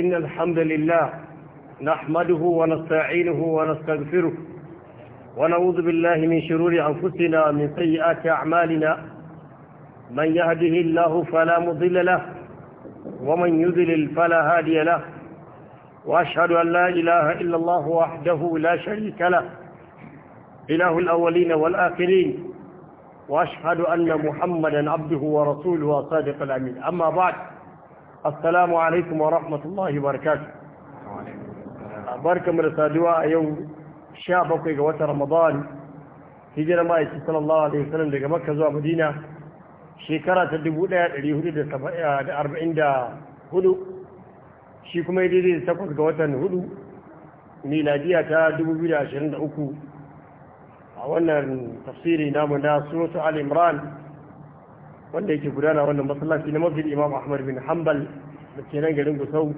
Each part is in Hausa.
إن الحمد لله نحمده ونستعينه ونستغفره ونعوذ بالله من شرور أنفسنا من سيئات أعمالنا من يهده الله فلا مضل له ومن يذلل فلا هادي له وأشهد أن لا إله إلا الله وحده لا شريك له إله الأولين والآخرين وأشهد أن محمدا عبده ورسوله وصادق الأمين أما بعد assalamu alaikum wa rahmatullahi barakatuh barkamu da saduwa a yau 17 ga watan ramadan hijirar ma'aiki sallallahu alaihi wasallam daga makka zuwa madina shekara ta 1444 eh, shi kuma yi daidai da 8 ga watan 4 miladiya ta 2023 a wannan tafsiri namu na suratu al-imran wanda yake gudana wannan masallaci na mafi imam ahmad bin hanbal da ke nan garin gusau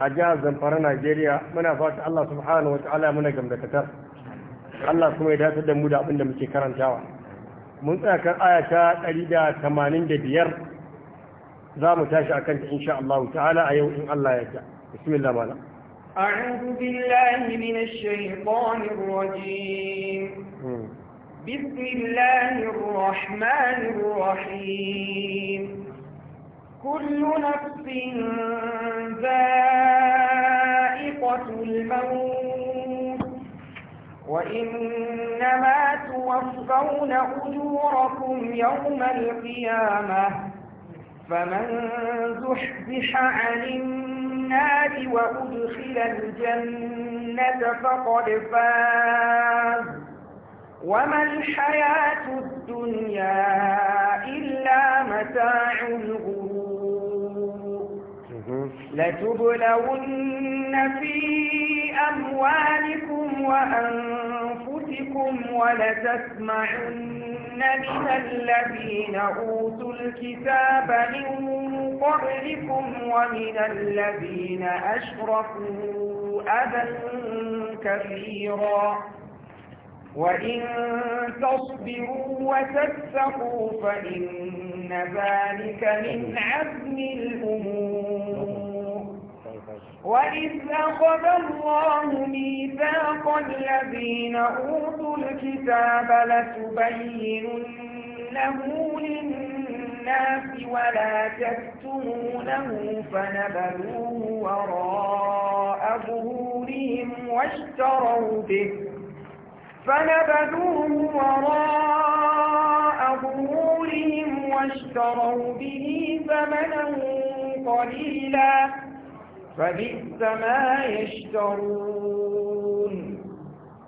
a jihar zamfara najeriya muna fata allah subhanahu wa ta'ala muna gamdakatar allah kuma ya dace da mu da abin da muke karantawa mun tsaya kan aya ta biyar za mu tashi akan ta insha allah ta'ala a yau in allah ya ta bismillah malam أعوذ بالله من الشيطان الرجيم بسم الله الرحمن الرحيم كل نفس ذائقة الموت وإنما توفون أجوركم يوم القيامة فمن زحزح عن النار وأدخل الجنة فقد فات وما الحياة الدنيا إلا متاع الغرور لتبلون في أموالكم وأنفسكم ولتسمعن من الذين أوتوا الكتاب من قبلكم ومن الذين أشركوا أذى كثيرا وإن تصبروا وتتقوا فإن ذلك من عزم الأمور وإذ أخذ الله ميثاق الذين أوتوا الكتاب لتبيننه للناس ولا تكتمونه فنبذوه وراء ظهورهم واشتروا به فنبذوه وراء ظهورهم واشتروا به ثمنا قليلا فبئس ما يشترون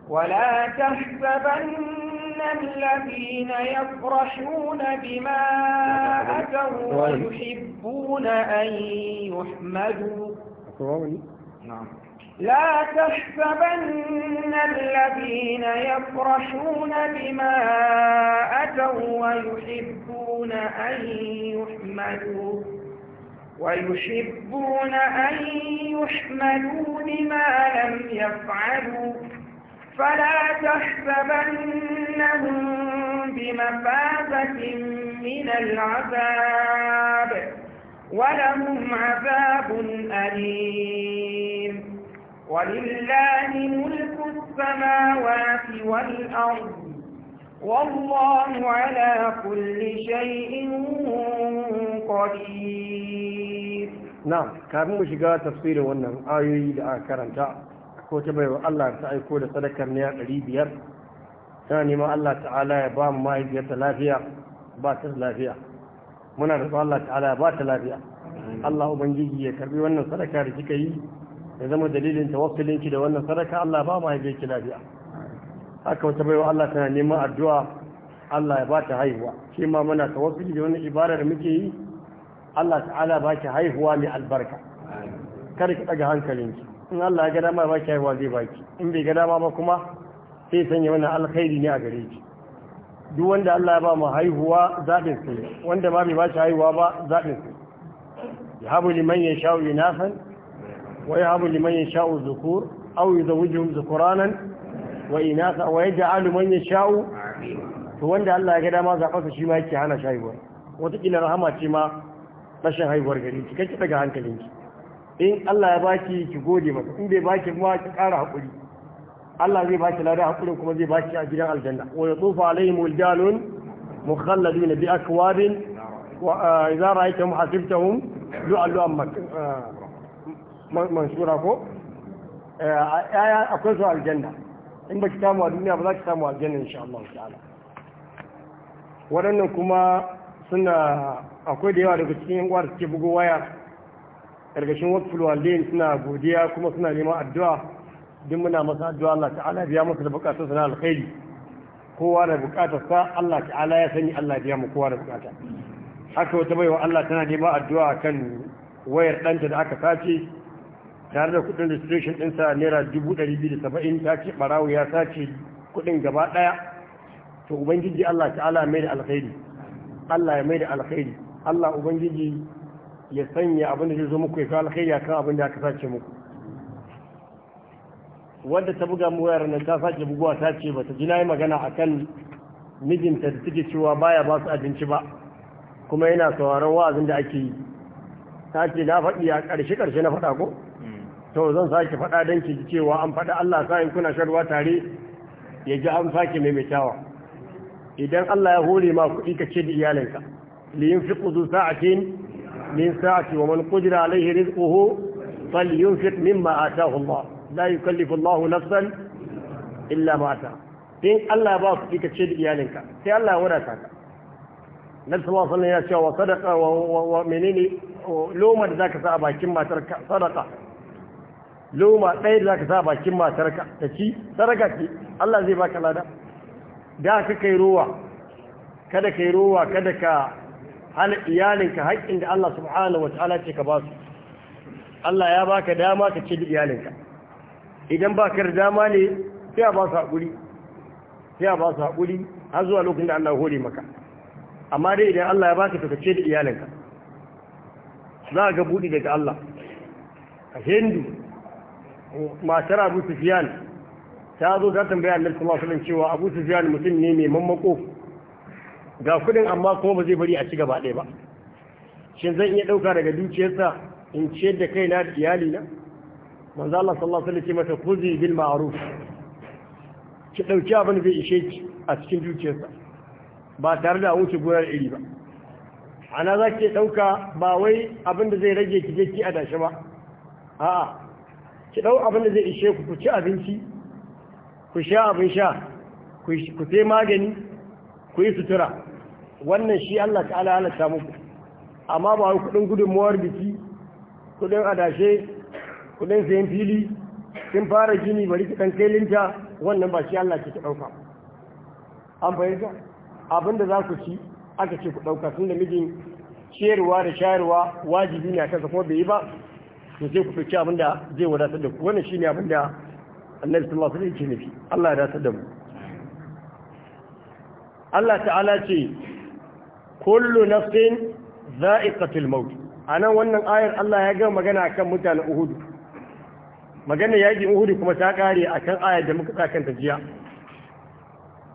ولا تحسبن الذين يفرحون بما أتوا ويحبون أن يحمدوا نعم لا تحسبن الذين يفرحون بما أتوا ويحبون أن يحمدوا ويحبون أن يحمدوا بما لم يفعلوا فلا تحسبنهم بمفازة من العذاب ولهم عذاب أليم ولله ملك السماوات والأرض والله على كل شيء قدير نعم كان مو قال تفسيره وانا آيه دعا كرم جاء كوتا الله تعالى كولا صدقا نيا قريبيا ثاني ما الله تعالى يبام ما يجي تلافيا باتر لافيا منا رضا الله تعالى باتر لافيا الله من جيجي يكربي وانا صدقا رجيكي ya zama dalilin tawakkalinki da wannan sadaka Allah ba mu haife ki lafiya haka wata baiwa Allah tana neman addu'a Allah ya ba ta haihuwa shi ma muna tawakkali da wannan ibada da muke yi Allah ta'ala ba ki haihuwa mai albarka kada ki daga hankalinki in Allah ya ga dama ba ki haihuwa zai baki in bai ga dama ba kuma sai sanya wannan alkhairi ne a gare ki duk wanda Allah ya ba mu haihuwa zaɓin sai wanda ma bai ba shi haihuwa ba zaɓin sai ya habu liman ya sha'u inafan ويهب لمن يشاء الذكور أو يزوجهم ذكرانا وإناثا ويجعل من يشاء to wanda Allah ya ga dama zaɓarsa shi ma yake hana shaiwar wataƙila rahama ce ma rashin haihuwar gari ki kake daga hankalinki in Allah ya baki ki gode masa in bai baki ma ki ƙara haƙuri Allah zai baki lada haƙuri kuma zai baki a gidan aljanna wa yatufu alaihim wildanun mukhalladun bi akwabin wa idza mansura ko yaya eh, akwai su aljanna in ba ki samu a duniya ba za ki samu aljanna insha Allah ta'ala waɗannan kuma suna akwai da yawa daga cikin yan uwa suke bugo waya ƙarƙashin wakful walidain suna godiya kuma suna neman addu'a duk muna masa addu'a Allah ta'ala biya masa da bukatunsa na alkhairi kowa da sa Allah ta'ala ya sani Allah biya mu kowa da bukata haka wata baiwa Allah tana neman addu'a kan wayar ɗanta da aka sace tare da kudin registration sa naira 270 ta ce ɓarawo ya sace kudin gaba ɗaya to ubangiji Allah ta'ala mai da alkhairi Allah ya mai da alkhairi Allah ubangiji ya sanya abin da zai zo muku ya kawo alkhairi ya abin da aka sace muku wadda ta buga mu wayar nan ta sace buguwa ta ce bata ji nayi magana akan mijinta da take cewa baya ba su abinci ba kuma yana sauraron wa'azin da ake yi ta ce na faɗi a ƙarshe ƙarshe na faɗa ko to zan sake faɗa don ki cewa an faɗa Allah sa'in kuna sharwa tare ya ji an sake maimaitawa idan Allah ya hori ma kuɗi ka ce da iyalinka liyin fi kudu sa'atin min sa'ati wa man qudira alaihi rizquhu falyunfiq mimma ataahu Allah la yukallifu Allah nafsan illa ma ataaha in Allah ba ku ka ce da iyalinka sai Allah ya wadata ka nabi sallallahu alaihi wasallam ya ce wa sadaqa wa menene lomar da zaka sa a bakin matar sadaka loma ɗaya da za ka sa bakin matarka ta ci saraka ce Allah zai baka lada da ka kai rowa kada kai rowa kada ka hana iyalinka haƙƙin da Allah subhanahu wa ta'ala ce ka ba su Allah ya baka dama ka ce da iyalinka idan baka da dama ne sai a ba su haƙuri sai a ba su haƙuri har zuwa lokacin da Allah ya hore maka amma dai idan Allah ya baka to ka ce da iyalinka za ga buɗe daga Allah a hindu matar abu sufiyan ta zo za ta tambaya annabi sallallahu alaihi cewa abu sufiyan mutum ne mai mammako ga kudin amma kuma ba zai bari a ci gaba ɗaya ba shin zan iya ɗauka daga dukiyarsa in ciyar da kaina da na manzo Allah sallallahu alaihi wasallam mata kuzi bil ma'ruf ki dauki abin da ishe ki a cikin dukiyarsa ba tare da wuce gurar iri ba ana za ki ɗauka ba wai abin da zai rage ki je ki a dashi ba a'a ki ɗau abin da zai ishe ku ci abinci ku sha abin sha ku sai magani ku yi sutura wannan shi Allah ta'ala halatta muku amma ba kuɗin gudunmuwar biki kuɗin adashe kuɗin sayan fili sun fara gini bari ki kan kai linta wannan ba shi Allah ke ta ɗauka an fahimta abin da za ku ci aka ce ku ɗauka tun da mijin ciyarwa da shayarwa wajibi ne a kasa kuma bai yi ba to sai ku fice abin da zai wadatar da ku wannan ne abin da annabi sallallahu alaihi wasallam yake nufi Allah ya dace da mu Allah ta'ala ce kullu nafsin za'iqatul maut anan wannan ayar Allah ya ga magana akan mutanen Uhud magana yaji Uhud kuma ta kare akan ayar da muka saka ta jiya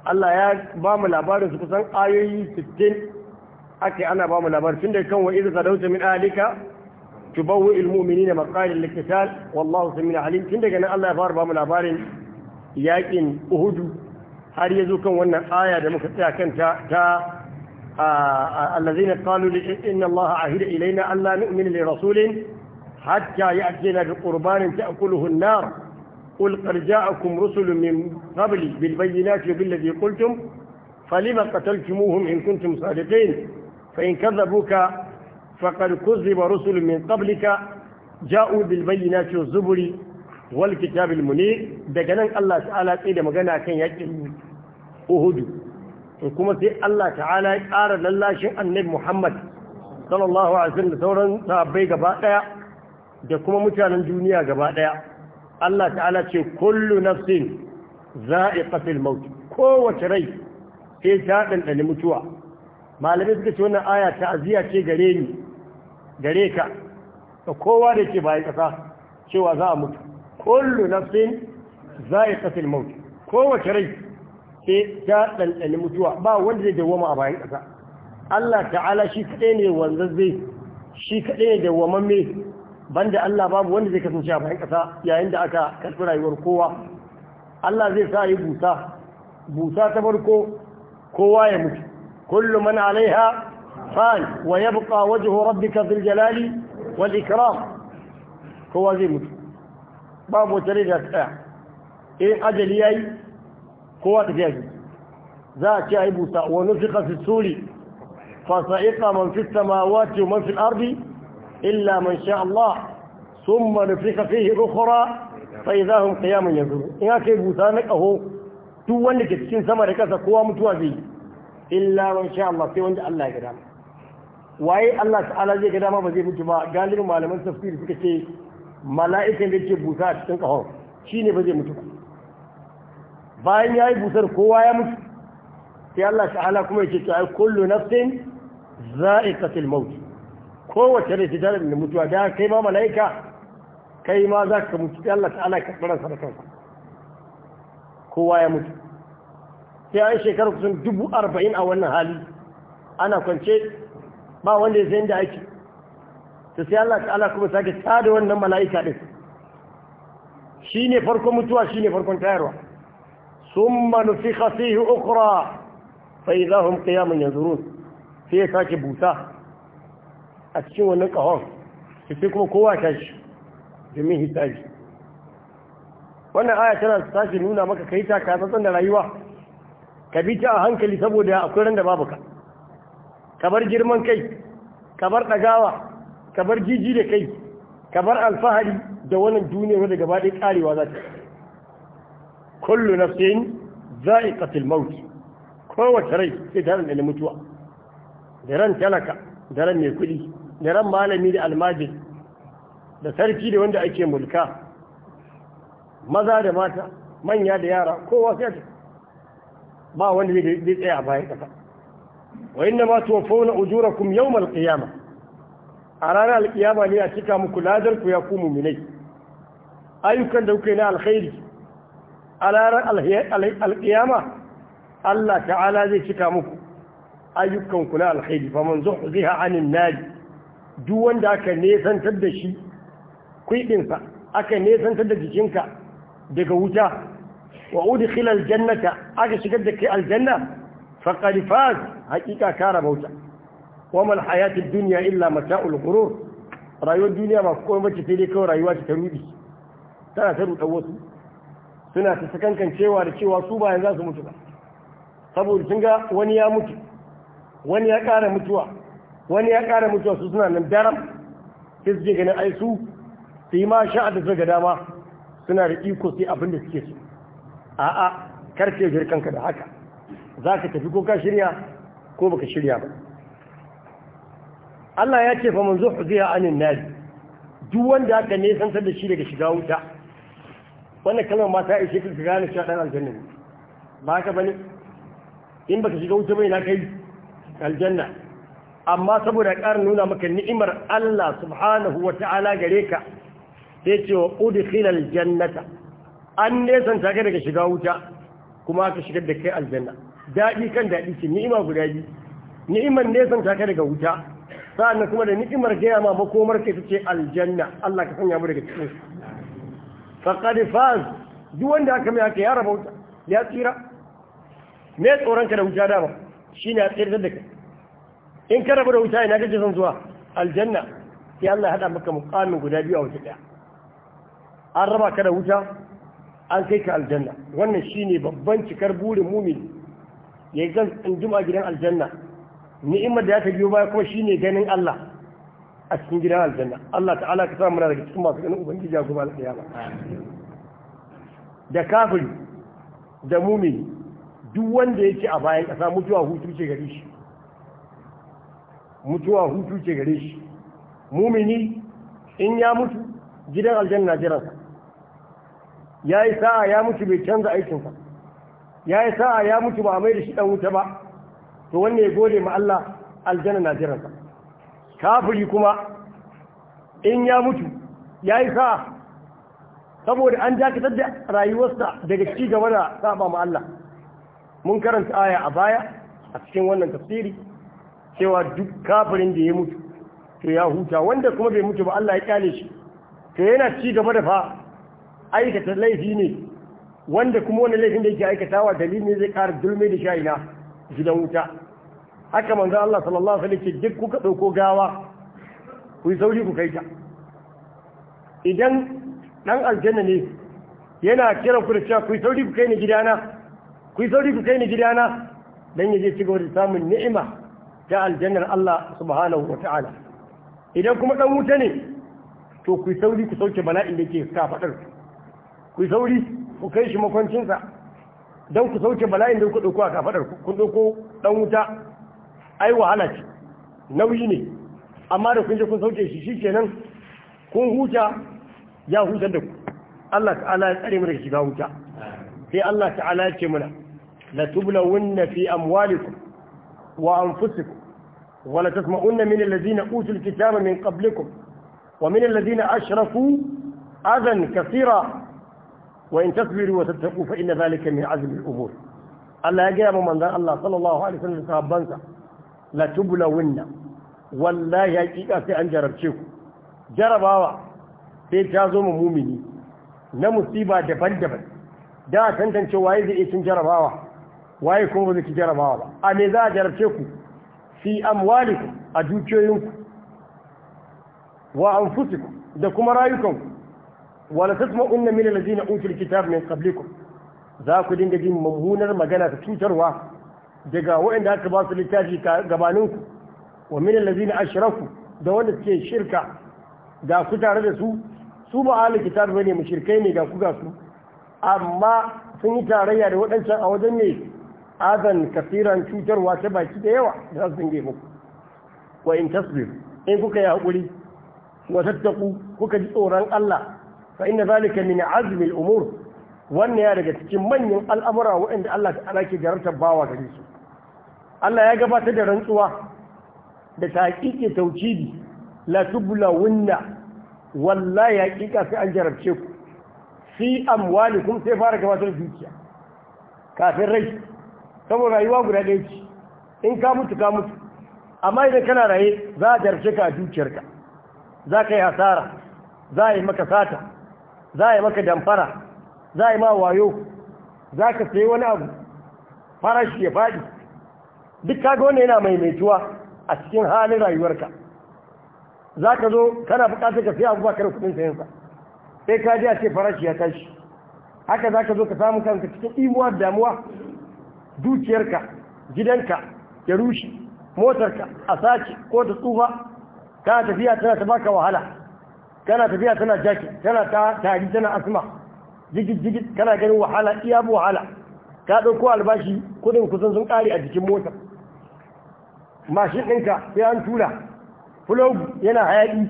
Allah ya ba mu labarin su kusan ayoyi 60 ake ana ba mu labarin tun da kan wa idza dauta min alika tubawwi almu'minina maqalil liqital wallahu samina alim tun daga nan Allah ya fara bamu labarin yaƙin Uhudu har yazo kan wannan aya da muka tsaya kanta ta allazina qalu inna Allah ahida ilaina alla nu'mina li rasulin hatta ya'tina bi qurbanin ta'kuluhu an-nar قل قد جاءكم رسل من قبل بالبينات وبالذي قلتم فلما قتلتموهم إن كنتم صادقين فإن كذبوك فقد كذب رسل من قبلك جاءوا بالبينات والزبر والكتاب المنير daga nan Allah ta'ala sai da magana kan yakin Uhud kuma sai Allah ta'ala ya ƙara lallashin Annabi Muhammad sallallahu alaihi da sauran sahabbai gaba daya da kuma mutanen duniya gaba daya Allah ta'ala ce kullu nafsin za'iqatul maut kowace rai E, ta dandane mutuwa malamai suka ce wannan aya ta'aziya ce gare ni gare ka da kowa da ke bayan ƙasa cewa za a mutu kullu nafsin za'iqatul maut kowace rai sai ta ɗanɗani mutuwa ba wanda zai dawoma a bayan ƙasa Allah ta'ala shi kaɗai ne zai shi kaɗai ne dawwamamme banda Allah babu wanda zai kasance a bayan ƙasa yayin da aka karɓi rayuwar kowa Allah zai sa yi busa busa ta farko kowa ya mutu kullu man alaiha قال ويبقى وجه ربك ذي الجلال والإكرام هو زي مت باب وتريد أتاع إيه أجل ياي قوة تجاج ذات يا موسى ونفخ في السور فصعق من في السماوات ومن في الأرض إلا من شاء الله ثم نفخ فيه أخرى فإذا هم قياما ينظرون إيه كيف موسى أهو تو wanda ke cikin sama da kasa kowa mutuwa zai illa man sha Allah sai wanda Allah ya gada waye Allah ta'ala zai ga dama ba zai mutu ba galibin malaman tafsiri suka ce mala'ikan da yake busa a cikin kahon shine ba zai mutu bayan yayi busar kowa ya mutu sai Allah ta'ala kuma yake cewa kullu nafsin za'iqatul maut kowace rai ta da mutuwa da kai ma mala'ika kai ma za ka mutu sai Allah ta'ala ya karɓi ransa da kanka kowa ya mutu sai ai shekaru kusan dubu arba'in a wannan hali ana kwance ba wanda ya sayan da ake ta sai Allah ta'ala kuma sake tada wannan mala'ika din shine farkon mutuwa shine farkon tayarwa summa nufikha fihi ukhra fa idahum qiyamun yanzurun sai ya sake buta a cikin wannan kahon sai kuma kowa ta shi domin hisabi wannan aya tana tashi nuna maka kai ta ka tsantsan da rayuwa ka bi ta a hankali saboda akwai ran da babu ka kabar girman kai kabar ɗagawa kabar jiji da kai kabar alfahari da wannan duniya wadda gaba ɗaya ƙarewa za ta kullu nafsin za'iqatul maut kowace rai sai ta da mutuwa da ran talaka da ran mai kuɗi da ran malami da almaji da sarki da wanda ake mulka maza da mata manya da yara kowa sai ba wanda zai tsaya a bayan ƙasa wa inna ma tuwaffawna ujurakum yawmal qiyamah a ranar alƙiyama ne a cika muku ladar ku ya ku muminai ayyukan da kuke na alkhairi a ranar alƙiyama? Allah ta'ala zai cika muku ayyukan ku na alkhairi fa man zuhziha anin nari duk wanda aka nesantar da shi kuidinsa aka nesantar da jikinka daga wuta wa udkhila aljannata aka shigar da kai aljanna faqad faz hakika ka rabauta wa mal duniya illa mata'ul ghurur rayuwar duniya ba komai bace sai dai kawai rayuwa ce ta rudi tana ta ruɗa wasu suna ta sakankan cewa da cewa su bayan za su mutu ba saboda sun ga wani ya mutu wani ya ƙara mutuwa wani ya ƙara mutuwa su suna nan daram sai su je ganin ai su su yi ma sha'a da ga dama suna da iko sai abin da suke so a'a karfe jirkanka da haka za ka tafi ko ka shirya ko baka shirya ba Allah ya ce fa manzo huziya anin nari duk wanda aka nesantar da shi daga shiga wuta wannan kalmar ma ta ishe ka gane cewa dan aljanna ne ba ka bane in baka shiga wuta bai na kai aljanna amma saboda ƙarin nuna maka ni'imar Allah subhanahu wa ta'ala gare ka sai ce wa udkhilal jannata an nesanta ka daga shiga wuta kuma aka shigar da kai aljanna daɗi kan daɗi ce ni'ima guda biyu ni'imar nesan ta ka daga wuta sa'annan kuma da ni'imar gaya ma makomar ka ta ce aljanna Allah ka sanya mu daga cikin su faqad faz duk wanda aka mai aka ya raba wuta ya tsira me tsoron ka da wuta dama shine a tsira da kai in ka raba da wuta ina kake son zuwa aljanna sai Allah ya hada maka muqamin guda biyu a wuta daya an raba ka da wuta an kai ka aljanna wannan shine babban cikar burin mumini ya yi jima a gidan aljanna ni'imar da ya ta biyo baya kuma ne ganin Allah a cikin gidan aljanna Allah ta'ala ka samu daga cikin masu ganin ubangiji a gobe alƙiyama da kafin da mumi duk wanda yake a bayan ƙasa mutuwa hutu ce gare shi mutuwa hutu ce gare shi mumini in ya mutu gidan aljanna jiransa ya yi sa'a ya mutu bai canza aikinsa ya yi sa'a ya mutu ba a mai da shi ɗan wuta ba to wanne ya gode ma Allah aljanna na jiransa kafiri kuma in ya mutu ya yi sa'a saboda an dakatar da rayuwarsa daga ci gaba da saba ma Allah mun karanta aya a baya a cikin wannan tafsiri cewa duk kafirin da ya mutu to ya huta wanda kuma bai mutu ba Allah ya kyale shi to yana ci gaba da fa aikata laifi ne wanda kuma wani laifin da yake aikatawa dalilin zai ƙara dulme da sha'ina gidan wuta haka manzo Allah sallallahu alaihi wasallam duk kuka dauko gawa ku yi sauri ku kai ta idan dan aljanna ne yana kiran ku da cewa ku yi sauri ku kai ni gidana ku yi sauri ku kai ni gidana dan yaje ci gaba da samun ni'ima ta aljannar Allah subhanahu wata'ala idan kuma dan wuta ne to ku yi sauri ku sauke bala'in da ke fadar ku yi sauri ku kai shi makwancinsa don ku sauke bala'in da ku ɗauko a kafaɗar ku ɗauko ɗan wuta ai wahala ce nauyi ne amma da kun je kun sauke shi shi kenan kun huta ya huta da ku Allah ta'ala ya tsare mu shiga wuta sai Allah ta'ala ya ce mana la tublawunna fi amwalikum wa anfusikum wa la tasma'unna min alladhina utul kitaba min qablikum wa min alladhina ashrafu adan kathira wa in tasbiru wa tattaqu fa inna zalika min azmi al-umur Allah ya gaya mu manzon Allah sallallahu alaihi wasallam sahabbansa la tublawunna wallahi hakika sai an jarabce ku jarabawa sai ta zo mu mumini na musiba daban-daban da tantance waye zai cin jarabawa waye kuma zai ci jarabawa ba a me za a jarabce ku fi amwalikum a dukiyoyinku wa anfusikum da kuma rayukanku wala inna min allazina utul kitab min qablikum za ku dinga jin mummunar magana ta cutarwa daga waɗanda aka ba su littafi gabaninku wa min allazina ashraku da wanda suke shirka ga ku tare da su su ba ahli kitab bane mushrikai ne ga ku ga su amma sun yi tarayya da waɗancan a wajen ne azan kafiran cutarwa ta baki da yawa da za su dinga muku wa in tasbir in kuka yi haƙuri wa tattaku kuka ji tsoron Allah fa inna zalika min azmi al-umur wannan ya daga cikin manyan al'amura waɗanda Allah ta'ala ke jarantar bawa gare su Allah ya gabatar da rantsuwa da taƙiƙe taucidi la tubla wunna wallahi haƙiƙa sai an jarabce ku fi amwalikum sai fara gabatar zuciya. kafin rai saboda rayuwa guda ɗaya ce in ka mutu ka mutu amma idan kana raye za a jarabce ka a dukiyarka za ka yi hasara za a yi maka sata za a yi maka damfara za a yi ma wayo za ka sai wani abu farashi ya faɗi duk kaga wani yana maimaituwa a cikin halin rayuwarka za ka zo kana buƙatar ka saya abu ba ka kudin sayansa sai ka ji a ce farashi ya tashi haka za ka zo ka samu kanka cikin imuwa da damuwa dukiyarka gidanka ya rushe motarka a sace ko ta tsufa kana tafiya tana ta baka wahala kana tafiya tana jaki tana ta tari tana asma jigit jigit kana ganin wahala iya bu wahala ka dauko albashi kudin kusan sun kare a jikin mota mashin ɗinka sai an tura fulogu yana hayaki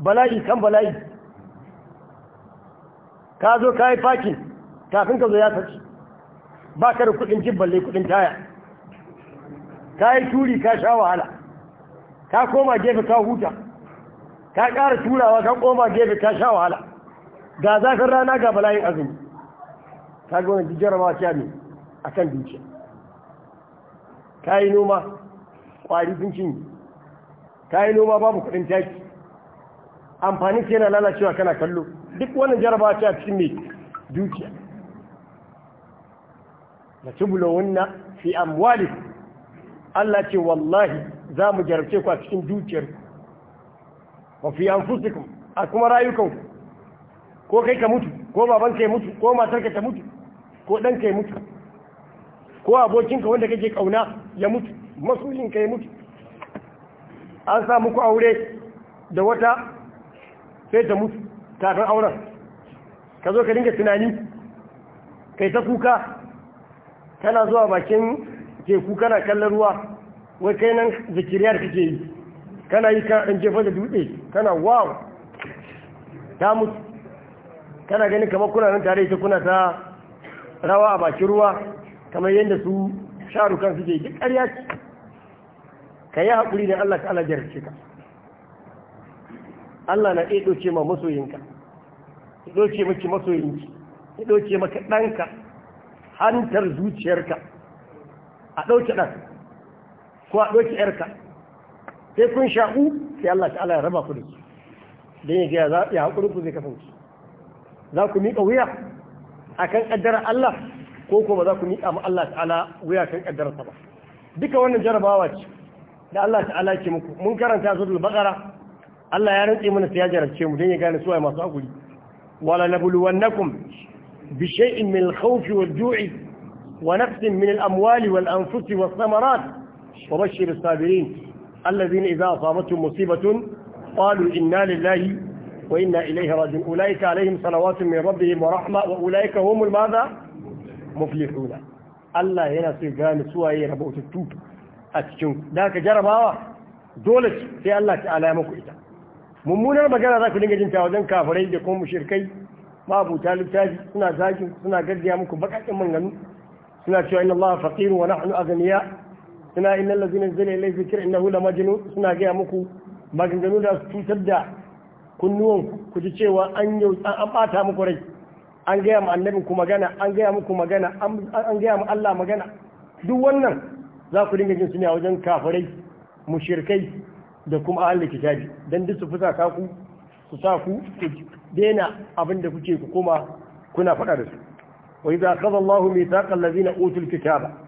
bala'i kan bala'i ka zo ka yi fakin kafin ka zo ya saci ba ka da kudin jin balle kudin taya ka yi turi ka sha wahala ka koma gefe ka huta ka ƙara turawa ka koma gefe ka sha wahala ga zafin rana ga bala'in azumi ka ga wani ma ne a kan dukiya ka yi noma ƙwari sun cinye ka yi noma babu kuɗin taki amfani ke na lalacewa kana kallo duk wani jarabawa ta cikin mai dukiya da wunna fi amwali Allah ce wallahi za mu jarabce ku a cikin dukiyarku wa fi anfusikum a kuma rayukanku ko kai ka mutu ko baban ya mutu ko matarka ta mutu ko ɗan ya mutu ko abokinka wanda kake kauna ya mutu masoyinka ya mutu an sa muku aure da wata sai ta mutu kafin auren ka zo ka dinga tunani kai ta kuka kana zuwa bakin teku kana kallon ruwa wai kai nan zikiriyar kake yi kana yi kan ɗan jefa da dutse kana wow ta mutu kana gani kamar kuna nan tare ita kuna ta rawa a bakin ruwa kamar yadda su sharukan suke duk ƙarya ce ka yi haƙuri ne Allah ta'ala jarce ka Allah na iya ɗauke ma masoyinka ya ɗauke maki masoyinki ya ɗauke maka ɗanka hantar zuciyarka a ɗauke ɗan ko a ɗauke ‘yarka sai kun shaƙu sai Allah ta'ala ya raba ku da su don ya ga ya haƙuri ku zai kasance za ku miƙa wuya akan ƙaddarar Allah ko ko ba za ku miƙa ma Allah ta'ala wuya kan ƙaddararsa ba duka wannan jarabawa ce da Allah ta'ala ke muku mun karanta suratul baqara Allah ya rantse mana sai ya jarabce mu don ya gane suwaye masu hakuri wala nabluwannakum bi shay'in min al-khawf wal-ju'i wa nafsin min al-amwali wal-anfusi was-samarat wa bashshir as-sabirin الذين إذا أصابتهم مصيبة قالوا إنا لله وإنا إليه راجعون أولئك عليهم صلوات من ربهم ورحمة وأولئك هم الماذا مفلحون الله هنا سيغان سوى ربوت التوت أتشون ذاك جربا دولت في الله تعالى مكوئتا mummunar magana za ku dinga jin ta wajen kafirai da kuma mushirkai mabuta littafi suna zagin suna gajiya muku bakakin manganu suna cewa inna Allah faqiru wa nahnu aghniya suna inna lazina zai ilai zikir inna hula majinu suna gaya muku maganganu da su cutar da kunnuwan ku ji cewa an yau an bata muku rai an gaya mu annabin ku magana an gaya muku magana an gaya mu Allah magana duk wannan za ku dinga jin su ne a wajen kafirai mushirkai da kuma ahli kitabi dan duk su fusa ka ku su sa ku dena abin da kuke ku koma kuna faɗa da su wa idza qada Allahu mithaqa allazina utul kitaba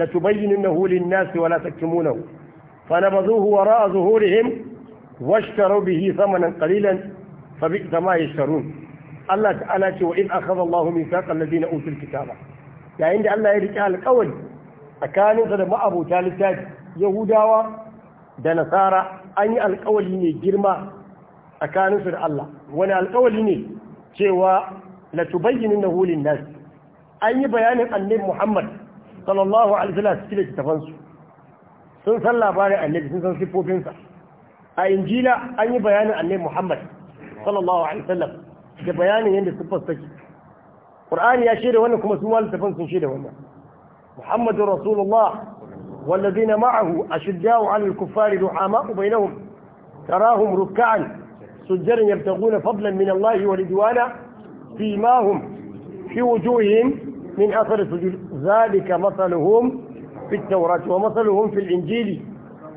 لتبيننه للناس ولا تكتمونه فنبذوه وراء ظهورهم واشتروا به ثمنا قليلا فبئس ما يشترون الله تعالى وإذ أخذ الله ميثاق الذين أوتوا الكتاب يعني عند الله يرجع القول أكان قد ما أبو ثالثات يهودا da nasara an yi alkawali ne girma a kaninsu da Allah wani alkawali ne cewa latubayyinin na hulin nasi an yi bayanin annabi Muhammad sallallahu alaihi wasallam su cire tafansu sun san labarin annabi sun san a injila an yi bayanin annabi muhammad sallallahu alaihi wasallam da bayanin yadda siffar take qur'ani ya shaida wannan kuma sun tafan sun shaida wannan muhammadu rasulullah والذين معه أشداء على الكفار رحماء بينهم تراهم ركعا سجدا يبتغون فضلا من الله ورضوانا فيما هم في وجوههم من أثر السجود ذلك مثلهم في التوراة ومثلهم في الإنجيل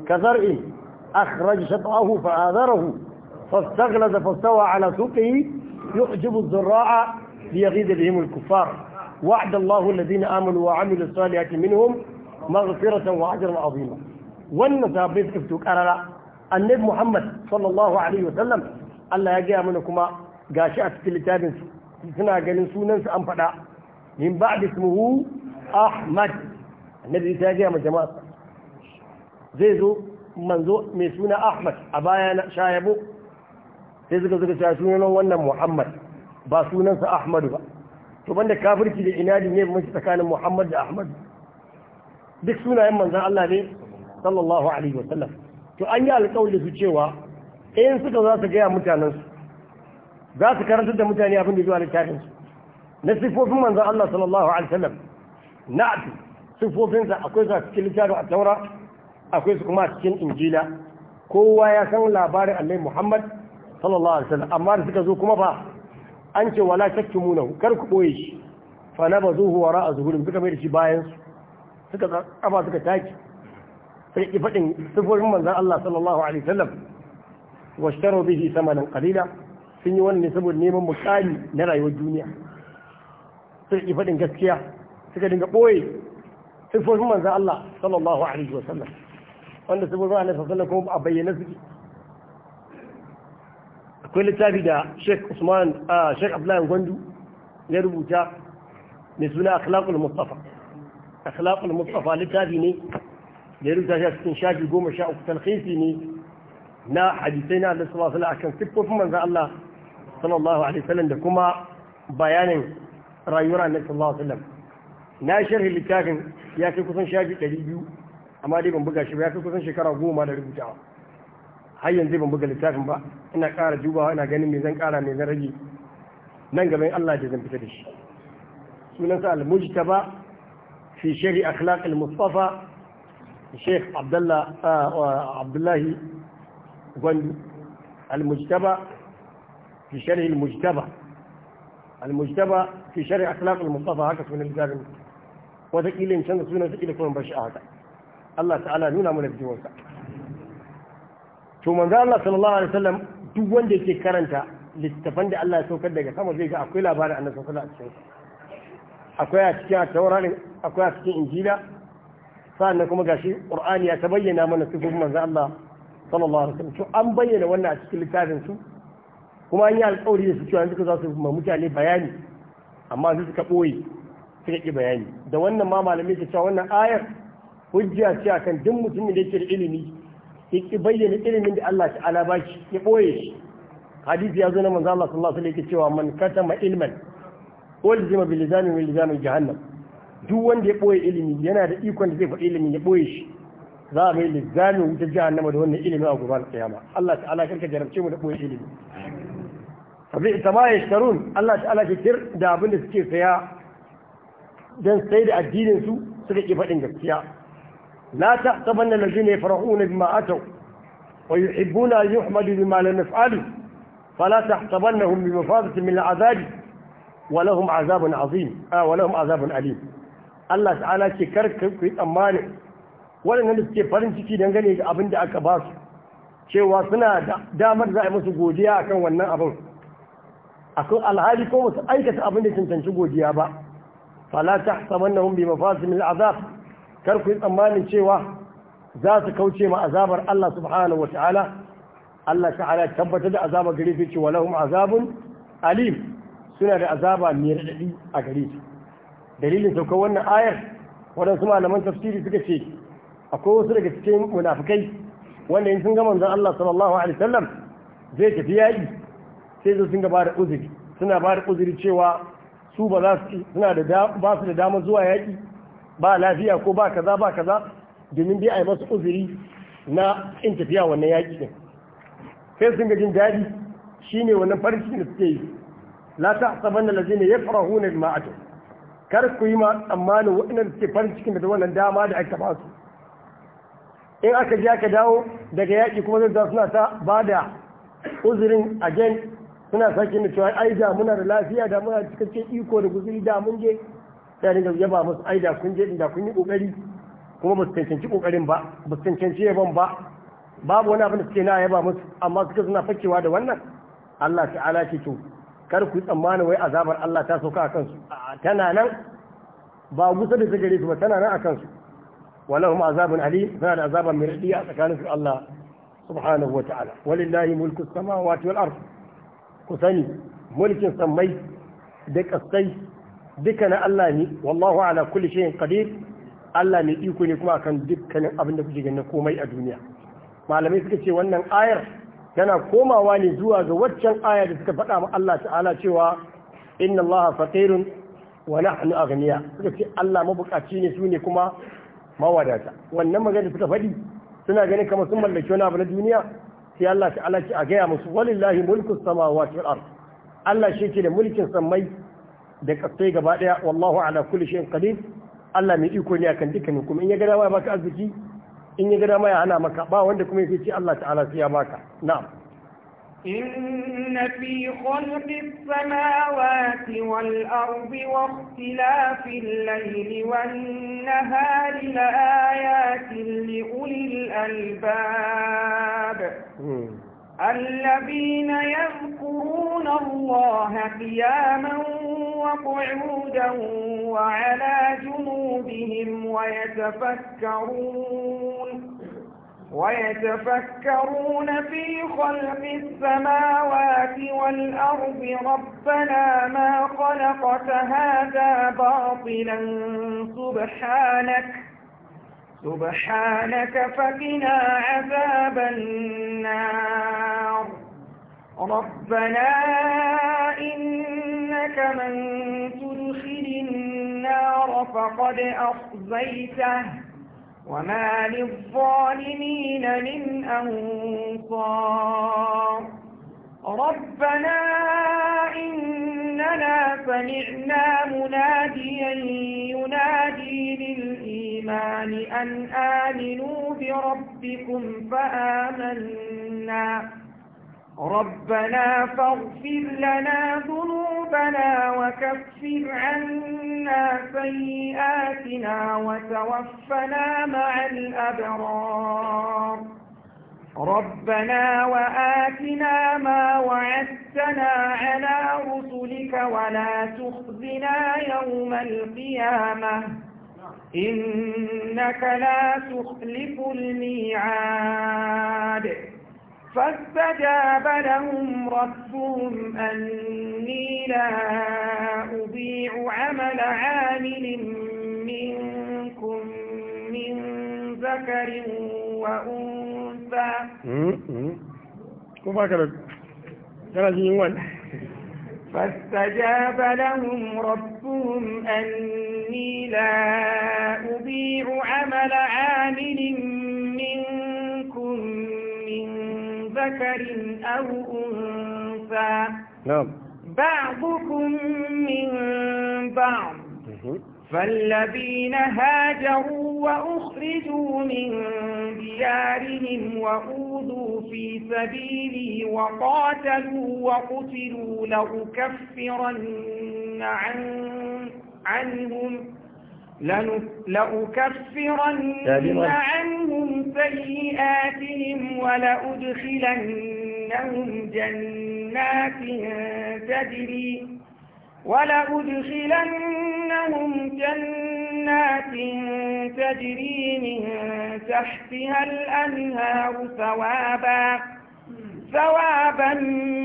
كذرع أخرج شطعه فآذره فاستغلظ فاستوى على سوقه يحجب الزراعة ليغيظ بهم الكفار وعد الله الذين آمنوا وعملوا الصالحات منهم مغفرة وعجرا عظيما والنساب يتكفتك أرى النبي محمد صلى الله عليه وسلم ألا يجي منكما قاشات في التابنس سنة قلنسونا سأنفع من بعد اسمه ahmad annabi isa ya gaya ma jama'a zai zo manzo mai suna ahmad a baya na shayabo sai suka suka cewa sunan wannan muhammad ba sunansa ahmadu ba to banda kafirci da inadi ne mun tsakanin muhammad da ahmad duk sunayen manzon Allah ne sallallahu alaihi wa sallam to an yi alƙawari su cewa in suka za su gaya mutanen su za su karanta da mutane abin da zuwa littafin su na sifofin manzon Allah sallallahu alaihi wa sallam na'atu sifofinsa akwai su a cikin littafin a taura akwai su kuma a cikin injila kowa ya san labarin annai muhammad sallallahu alaihi wasallam amma da suka zo kuma fa an ce wala tattumuna kar ku boye shi fa na bazuhu wara a zuhurin suka mai da shi bayan su suka kafa suka taki sai ki fadin sifofin manzon Allah sallallahu alaihi wasallam washtaru bihi samanan qalila sun yi wannan ne saboda neman mukami na rayuwar duniya sai ki fadin gaskiya suka dinga ɓoye sifofin manzan Allah sallallahu alaihi wasallam wanda sifofin Allah sallallahu kuma a bayyana suke akwai littafi da Sheikh Usman Sheikh Abdullahi Gwandu ya rubuta mai suna akhlaqul mustafa akhlaqul mustafa littafi ne da ya rubuta shi a cikin shafi goma sha uku talhisi ne na hadisai na Allah sallallahu alaihi wasallam akan sifofin manzan Allah sallallahu alaihi wasallam da kuma bayanin rayuwar Annabi sallallahu alaihi wasallam na sharhi littafin ya kai kusan shafi ɗari biyu amma dai ban buga shi ba ya kai kusan shekara goma da rubutawa har yanzu ban buga littafin ba ina ƙara dubawa ina ganin me zan ƙara me zan rage nan gaban Allah da zan fita da shi sa al-mujtaba fi shari akhlaq al-mustafa Sheikh Abdullah ah, Abdullahi Gwandu al-mujtaba fi shari al-mujtaba al-mujtaba fi shari akhlaq al-mustafa haka sunan littafin wataƙila in canza sunan sakila kuma bashi a haka Allah ta'ala nuna mana bidiyon to manzo Allah sallallahu alaihi wasallam duk wanda yake karanta littafan da Allah ya saukar daga sama zai ga akwai labarin annabi sallallahu alaihi wasallam akwai a cikin taurari akwai a cikin injila sannan kuma gashi qur'ani ya ta bayyana mana sifofin manzo Allah sallallahu alaihi wasallam to an bayyana wannan a cikin littafin su kuma an yi alƙawari da su cewa duka za su ma mutane bayani amma su suka ɓoye ya ki bayani da wannan ma malamai ke cewa wannan ayar hujja ce akan duk mutumin da yake da ilimi ya bayyana ilimin da Allah ta'ala ba shi ya ɓoye shi hadisi ya zo na manzo Allah sallallahu alaihi wasallam cewa man katama ilman ulzima bil lizami min lizami jahannam duk wanda ya ilimi yana da ikon da zai faɗi ilimi ya boye shi za a mai lizamin wutar jahannama da wannan ilimin a gobe kiyama Allah ta'ala karka jarabce mu da ɓoye ilimi fa bi Allah ta'ala ke da abin da suke saya dan sai da addinin su suka ki faɗin gaskiya la tahsabanna allazina yafrahuna bima ataw wa yuhibbuna an yuhmadu bima lam yaf'alu fala tahsabannahum bi mafadatin min azabi? wa lahum azabun azim a wa lahum azabun alim Allah ta'ala ce kar ku yi tsammani waɗannan da suke farin ciki dangane ga abin da aka ba su cewa suna da damar za a yi musu godiya akan wannan abin akwai alhali ko musu aikata abin da cancanci godiya ba fala tahsamannahum bi mafasimil azab kar ku yi tsammanin cewa za su kauce ma azabar Allah subhanahu wa ta'ala Allah ta'ala tabbata da azaba gare su cewa lahum azabun alim suna da azaba mai radadi a gare dalilin saukar wannan ayar waɗansu malaman tafsiri suka ce akwai wasu daga cikin munafikai wanda in sun ga manzon Allah sallallahu alaihi wasallam zai tafi yayi sai su sun ga bada uzuri suna bada uzuri cewa su ba za su da ba su da damar zuwa yaƙi ba lafiya ko ba kaza ba kaza domin dai a yi masu uzuri na in tafiya wannan yaƙi ne sai sun ga jin daɗi ne wannan farin ciki da suke yi la ta saban da lazina ya farahu da jima'atu kar ku yi ma tsammanin waɗannan suke farin cikin da wannan dama da aka ba su in aka ji aka dawo daga yaƙi kuma zai za suna ta ba da uzirin again suna sake ni cewa ai da muna da lafiya da muna cikakken iko da guzuri da mun je da ni gaje ba musu ai da kun je inda kun yi kokari kuma ba su cancanci kokarin ba ba su cancanci yaban ba babu wani abin da suke na yaba musu amma suka suna fakewa da wannan Allah ta'ala ce to kar ku tsammana wai azabar Allah ta sauka a kansu tana nan ba gusa da gare su ba tana nan a kansu walahum azabun alim suna da azaban mai tsakanin a tsakaninsu Allah subhanahu wa ta'ala walillahi mulku samawati wal ardh ku sani mulkin sammai da kasai duka na Allah ne wallahu ala kulli shay'in qadir Allah mai iko ne kuma akan dukkanin abin da kuke ganin komai a duniya malamai suka ce wannan ayar tana komawa ne zuwa ga waccan ayar da suka faɗa ma Allah ta'ala cewa inna Allah faqirun wa nahnu aghniya suka ce Allah mabukaci ne su ne kuma mawadata wannan magana suka faɗi suna ganin kamar sun mallaki wani abu na duniya sai Allah ta'ala ce a gaya musu walillahi mulkus samawati wal ard Allah shi ke da mulkin sammai da kasai gaba daya wallahu ala kulli shay'in qadir Allah mai iko ne akan dukkanin kuma in ya ga dama ya baka arziki in ya ga dama ya hana maka ba wanda kuma yake ce Allah ta'ala sai ya baka na'am إن في خلق السماوات والأرض واختلاف الليل والنهار لآيات لأولي الألباب الذين يذكرون الله قياما وقعودا وعلى جنوبهم ويتفكرون ويتفكرون في خلق السماوات والأرض ربنا ما خلقت هذا باطلا سبحانك سبحانك فقنا عذاب النار ربنا إنك من تدخل النار فقد أخزيته وما للظالمين من أنصار ربنا إننا سمعنا مناديا ينادي للإيمان أن آمنوا بربكم فآمنا ربنا فاغفر لنا ذنوبنا وكفر عنا سيئاتنا وتوفنا مع الأبرار ربنا وآتنا ما وعدتنا على رسلك ولا تخزنا يوم القيامة إنك لا تخلف الميعاد فاستجاب لهم ربهم أني لا أضيع عمل عامل منكم من ذكر وأنثى كما كانت فاستجاب لهم ربهم أني لا أضيع عمل عامل منكم ذكر أو أنثى نعم بعضكم من بعض فالذين هاجروا وأخرجوا من ديارهم وأوذوا في سبيلي وقاتلوا وقتلوا لأكفرن عن عنهم لأكفرن عنهم سيئاتهم ولأدخلنهم جنات تجري ولأدخلنهم جنات تجري من تحتها الأنهار ثوابا ثوابا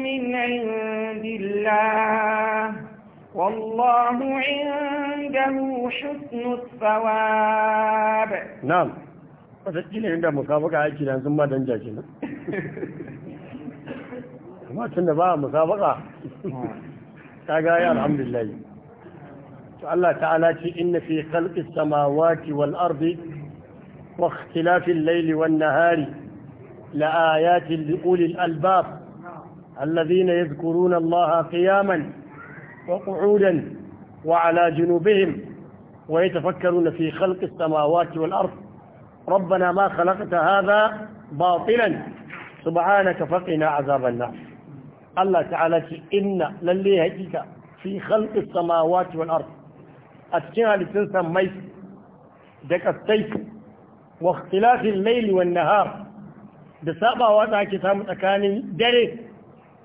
من عند الله والله عنده حسن الثواب نعم وسجلين عنده مسابقة عايشي لان ثم ما دنجاشنا ما تنى بقى مصابقة تقايا الحمد لله الله تعالى إن في خلق السماوات والأرض واختلاف الليل والنهار لآيات لأولي الألباب الذين يذكرون الله قياماً وقعودا وعلى جنوبهم ويتفكرون في خلق السماوات والأرض ربنا ما خلقت هذا باطلا سبحانك فقنا عذاب النار الله تعالى إن للي هجيك في خلق السماوات والأرض أتشنها لتنسى ميت دك السيف واختلاف الليل والنهار بسابة وضعك سامت أكان دري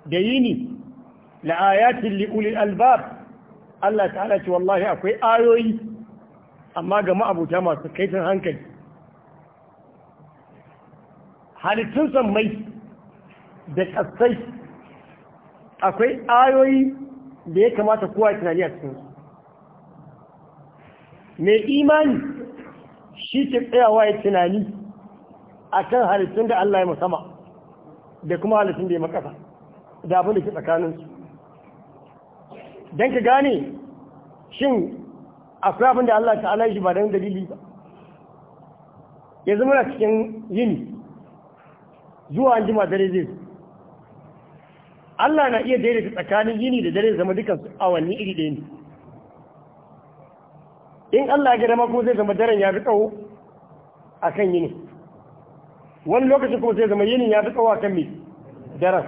ديني la'ayatin li'ulil albab Allah ta'ala ce wallahi akwai ayoyi amma ga ma'abuta masu kaitin hankali halittun sammai da kasai akwai ayoyi da ya kamata kowa tunani a cikin mai imani shi ke tsayawa ya tunani a kan halittun da Allah ya musama da kuma halittun da ya makasa da abin da ke tsakaninsu don ka gane shin akwai abin da Allah ta'ala shi ba don dalili ba zama na cikin yini zuwa an jima dare zai Allah na iya daidaita tsakanin yini da dare zama dukansu awanni iri ɗaya ne in Allah ya dama kuma zai zama daren ya fi tsawo a kan yini wani lokaci kuma zai zama yini ya fi tsawo a kan mai daren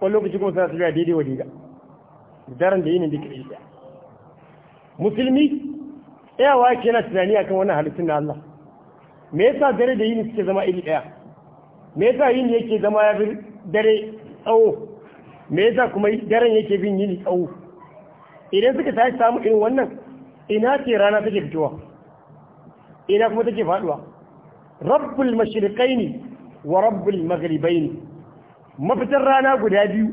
wani lokaci kuma suna tafiya daidai wa daidai daren da yinin duka ɗaya musulmi tsayawa yake yana tunani akan wannan halittun na Allah me yasa dare da yini suke zama iri ɗaya me yasa yini yake zama ya fi dare tsawo me yasa kuma daren yake bin yini tsawo idan suka tashi samu irin wannan ina ce rana take fitowa ina kuma take faduwa rabbul mashriqaini wa rabbul maghribaini mafitar rana guda biyu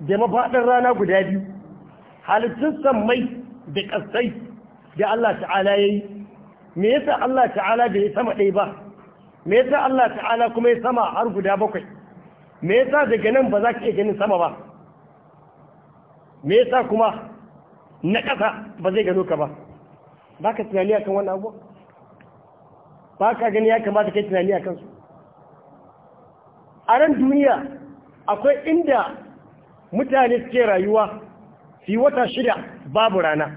da mafaɗin rana guda biyu halittun sammai da ƙasai da Allah ta'ala ya yi me yasa Allah ta'ala da ya sama ɗaya ba me yasa Allah ta'ala kuma ya sama har guda bakwai me yasa daga nan ba za ka iya ganin sama ba me yasa kuma na ƙasa ba zai gano ka ba ba ka tunani akan wannan abu ba ka gani ya kamata kai tunani a kansu a ran duniya akwai inda mutane suke rayuwa su yi wata shida babu rana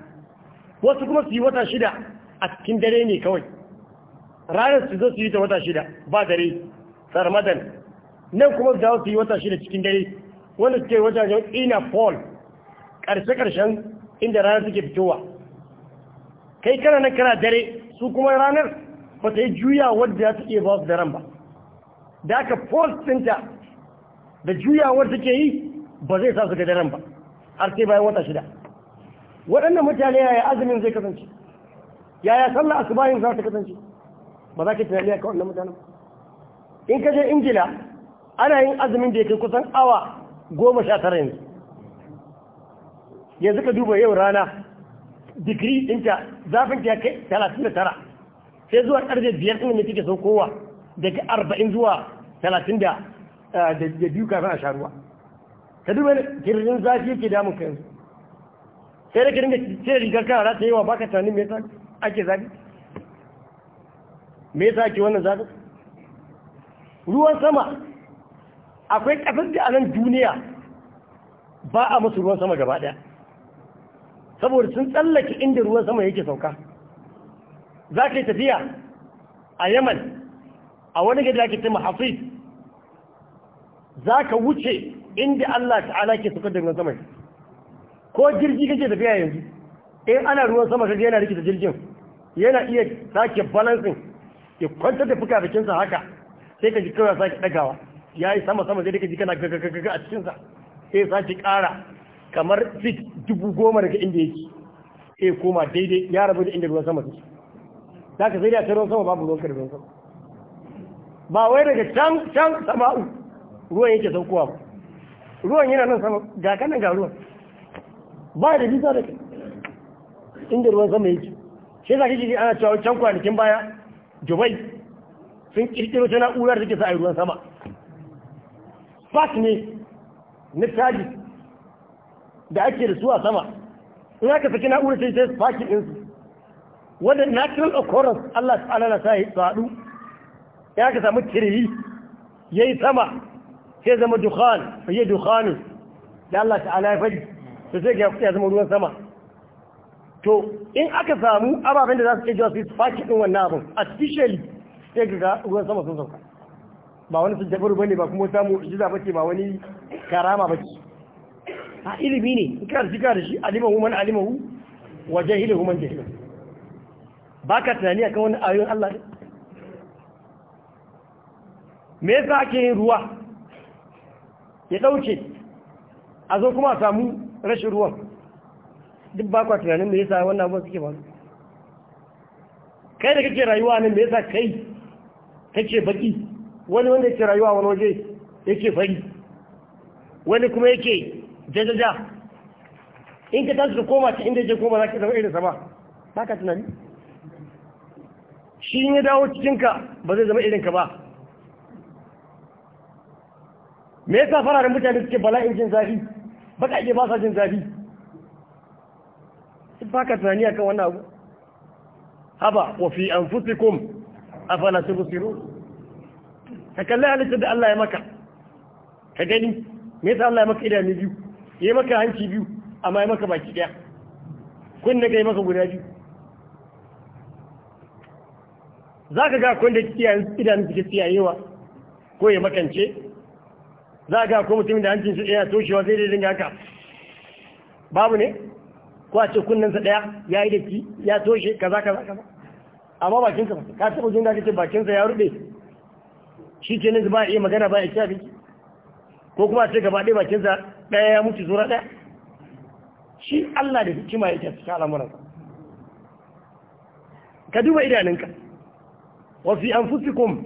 wasu kuma su yi wata shida a cikin dare ne kawai ranar su zo su yi ta wata shida ba dare sarmadan nan kuma za su yi wata shida cikin dare wanda suke wajajen ina paul ƙarshe karshen inda ranar suke fitowa kai kana nan kana dare su kuma ranar ba ta yi juya wadda za su iya ba daren ba da aka paul ɗinta da juyawar take yi ba zai sa su ga daren ba har sai bayan wata shida waɗannan mutane yaya azumin zai kasance yaya sallah asubahin za ta kasance ba za ka tunani akan wannan mutanen in ka je ingila ana yin azumin da ya kai kusan awa goma sha tara yanzu yanzu ka duba yau rana digiri ɗinta zafin ya kai talatin da tara sai zuwa ƙarfe biyar ɗin da take saukowa daga arba'in zuwa talatin da eh, biyu kafin a sha ruwa ka duba kirjin zafi yake damun ka yanzu sai da kirin da ce rigar kan rata yawa baka tunanin me yasa ake zafi me yasa ake wannan zafi ruwan sama akwai ƙasar da a nan duniya ba a musu ruwan sama gaba daya saboda sun tsallake inda ruwan sama yake sauka za ka yi tafiya a yaman a wani gada ake taimaka hafiz za ka wuce inda Allah ta'ala ke suka da sama ko jirgi kake tafiya yanzu in ana ruwan sama kaga yana rikita jirgin yana iya sake balancing ya kwanta da fuka sa haka sai ka ji kawai sake dagawa ya yi sama sama sai ka ji kana gaga a cikinsa sai sake ƙara kamar fit dubu goma daga inda yake sai koma daidai ya rabu da inda ruwan sama suke za ka sai da ruwan sama babu ruwan ruwan sama ba wai daga can can sama'u ruwan yake saukowa ba ruwan yana nan sama ga kanan ga ruwan ba da bisa da kai inda ruwan sama yake shi yasa kike ana cewa can kwanakin baya Dubai sun kirkiro ta na'urar da take sa ruwan sama fat ne na tari da ake da su a sama in aka saki na'urar sai sai faki din su wanda natural occurrence Allah ta'ala na sa ya tsadu ya ka samu ya yayi sama sai zama dukhan fiye dukhanin da Allah ta'ala ya faɗi to sai ya zama ruwan sama to in aka samu ababen da za su kejiwa su yi fashi ɗin wannan abin artificially sai ga ruwan sama sun sauka ba wani sun ba ne ba kuma samu jiza ba ce ba wani karama ba ce a ilimi ne in ka da da shi aliman human alimahu wa jahiluhu man jahilin ba ka tunani akan wani ayoyin Allah ne me yasa ake yin ruwa ya ɗauke a zo kuma a samu rashin ruwan duk ba kwa tunanin me yasa wannan abuwa suke faru kai da kake rayuwa nan me yasa kai kake baki wani wanda yake rayuwa wani waje yake fari wani kuma yake jajaja in ka tashi koma ta inda yake koma za ka zama irin sama ba ka tunani shi ya dawo cikinka ba zai zama irinka ba me yasa fararen mutane suke bala'in jin zafi ake ba sa jin zafi ba ka tunani akan wannan abu haba wa fi anfusikum afala tubsirun ka kalli halittar da Allah ya maka ka gani me yasa Allah ya maka idanu biyu ya maka hanci biyu amma ya maka baki ɗaya kunne ka yi maka guda biyu za ka ga kun da kiyaye idanu suke tsiyayewa ko ya makance za ga ko mutumin da hancin shi ɗaya toshewa zai dinga haka babu ne ko a ce kunnensa ɗaya ya yi datti ya toshe kaza kaza kaza amma bakinsa ba ka taɓa jin da ka ce bakinsa ya ruɓe shi ke ne ba iya magana ba ya ci ko kuma a ce gaba ɗaya bakinsa ɗaya ya mutu zura ɗaya shi Allah da hikima yake cikin al'amuransa ka duba idanunka wa fi anfusikum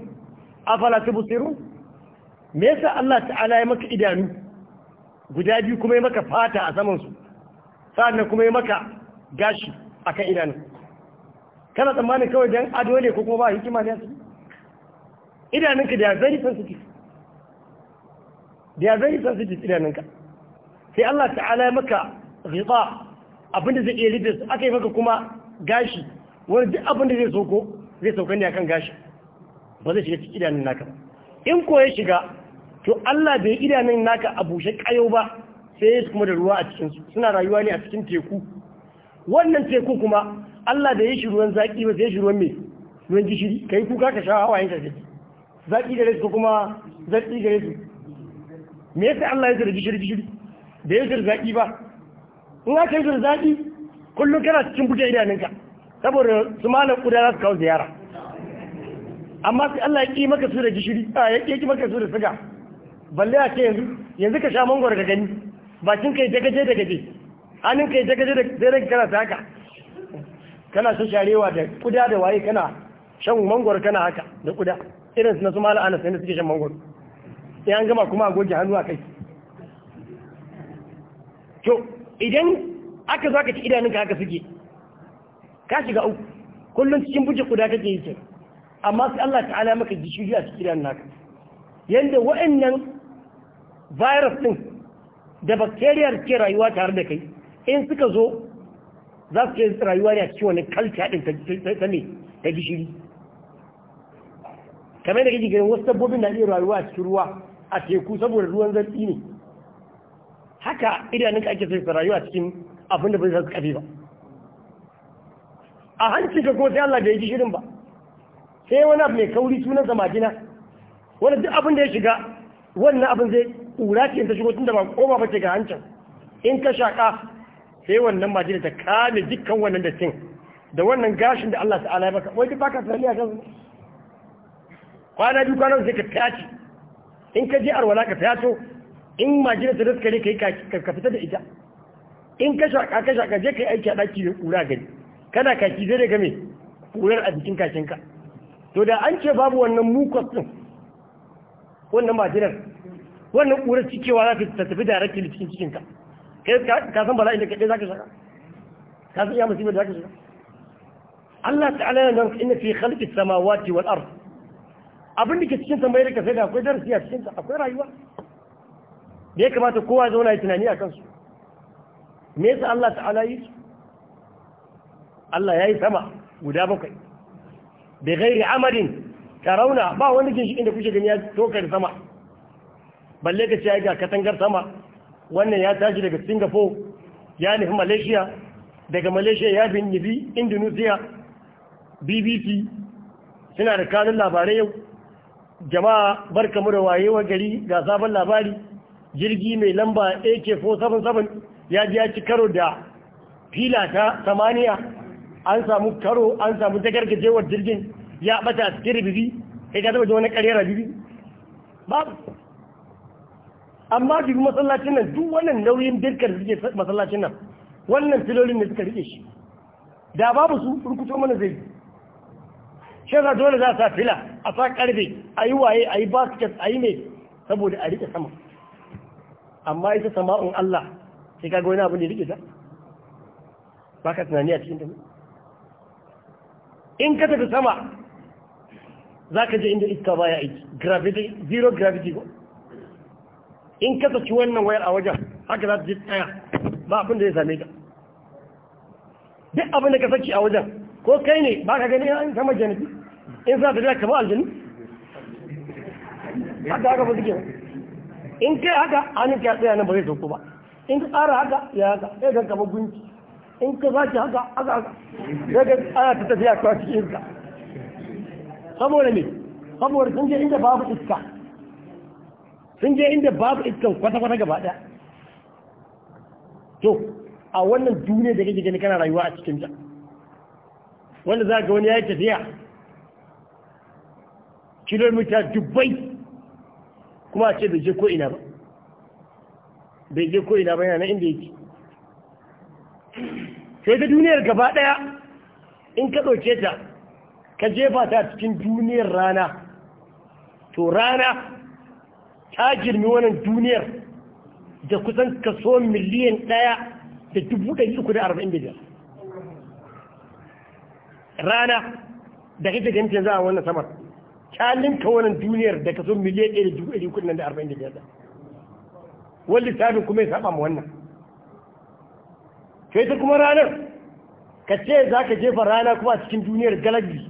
afala tubsirun me yasa Allah ta'ala ya maka idanu guda biyu kuma ya maka fata a saman su sannan kuma ya maka gashi akan idanu kana tsammanin kawai dan ado ne ko kuma ba hikima ne idanunka da very sensitive da very sensitive idanunka sai Allah ta'ala ya maka riba abinda zai iya rufe su aka yi maka kuma gashi wani duk abinda zai sauko zai sauka ne akan gashi ba zai shiga cikin idanun naka ba in ko ya shiga to Allah bai idanun naka a bushe kayo ba sai kuma da ruwa a cikinsu suna rayuwa ne a cikin teku wannan teku kuma Allah da ya shi ruwan zaƙi ba sai shi ruwan mai ruwan gishiri ka yi kuka ka sha hawayen ka gaji zaƙi da su kuma zaki da su me yasa Allah ya zira gishiri gishiri da ya zira zaƙi ba in aka yi zira zaƙi kullum kana cikin buɗe idanunka saboda su malam kuda za su kawo ziyara amma sai Allah ya ƙi maka su da gishiri ya ƙi maka su da siga balle a ce yanzu yanzu ka sha mangoro ka gani bakin kai ta gaje da gaje hannun kai ta gaje da gaje kana ta haka kana ta sharewa da kuda da waye kana shan mangoro kana haka da kuda irin na su mala ana sai suke shan mangoro. sai an gama kuma a goge hannu a kai to idan aka zo ka ci idanunka haka suke ka shiga uku kullum cikin buje kuda kake yi kenan amma sai Allah ta'ala maka gishiri a cikin idanun naka yanda waɗannan virus din da bacteria ke rayuwa tare da kai in suka zo za su ke rayuwa ne a cikin wani kalta din ta ne ta gishiri kamar da kake ganin wasu dabbobin na iya rayuwa a cikin ruwa a teku saboda ruwan zartsi ne haka idanunka ake sai rayuwa cikin abin da bai zai kafe ba a hanci ka ko sai Allah bai ji shirin ba sai wani abu mai kauri sunan zamajina wani duk abin da ya shiga wannan abin zai ƙura ce ta shigo tun da ba koma ba ce ga hancin in ka shaƙa sai wannan majina ta kame dukkan wannan da cin da wannan gashin da Allah ta'ala ya baka wai duk baka tunani a kansu kwana biyu kwana sai ka tace in ka je arwala ka tato in majina ta daskare ka yi ka fita da ita in ka shaƙa ka shaƙa je ka yi aiki a ɗaki da ƙura gani kana kaki zai daga me ƙurar a jikin kakinka to da an ce babu wannan mukos ɗin wannan majinar wannan ƙurar cikewa za ta tafi da directly cikin cikinka kai ka san Bala inda kaɗai za ka shaka. ka san iya musibar da za ka shaka. Allah ta'ala yana nan inna fi sama samawati wal ard abin da ke cikin tambayar ka sai da akwai darasi a cikin akwai rayuwa da ya kamata kowa zauna ya tunani a kansu me yasa Allah ta'ala yi Allah ya yi sama guda bakwai da gairi Ka rauna ba wani jin shi inda kuke gani ya toka da sama balle ka ce ga katangar sama wannan ya tashi daga singapore ya nufi malaysia daga malaysia ya binyibi indonesia bbc suna da kanun labarai yau jama'a barka mu da wayewa gari ga sabon labari jirgi mai lamba ak-477 ya ji ya ci karo da fila ta samaniya an samu karo an samu tagargajewar jirgin ya bata a cikin ribibi ya ta wajen wani karyar ribibi babu amma duk masallacin nan duk wannan nauyin dirkar da suke masallacin nan wannan filolin da suka rike shi da babu su rukuto mana zai shi za dole za ta fila a sa karfe a yi waye a yi basket a yi mai saboda a rike sama amma ita sama'un Allah sai kaga wani abu ne rike ta ba ka tunani a cikin dami in ka tafi sama za ka je inda iska baya aiki gravity zero gravity ko in kasa ci wannan wayar a wajen haka za ta ji tsaya ba abin da ya same ta duk abin da ka saki a wajen ko kai ne ba ka gani an sama janibi in za ta da ka ba aljani haka haka ba suke in kai haka hannun ka tsaya nan ba zai sauko ba in ka tsara haka ya haka ya ka kama gunki in ka ki haka haka haka sai ka tsara ta tafiya ta cikin iska saboda ne saboda sun je inda babu iska sun je inda babu iskan kwata-kwata gaba ɗaya to a wannan duniya da kake gani kana rayuwa a cikin ta wanda za ga wani ya yi tafiya kilomita dubbai kuma a ce bai je ko ina ba bai je ko ina ba yana inda yake sai ta duniyar gaba ɗaya in ka ɗauke ta ka jefa ta cikin duniyar rana to rana ta girmi wannan duniyar da kusan kaso miliyan ɗaya da dubu ɗari uku da arba'in da biyar rana da kake ganin yanzu a wannan samar ta ka wannan duniyar da kaso miliyan ɗaya da dubu ɗari uku da arba'in da biyar wani lissafin kuma ya saba ma wannan sai ta kuma ranar ka ce za ka jefa rana kuma a cikin duniyar galabi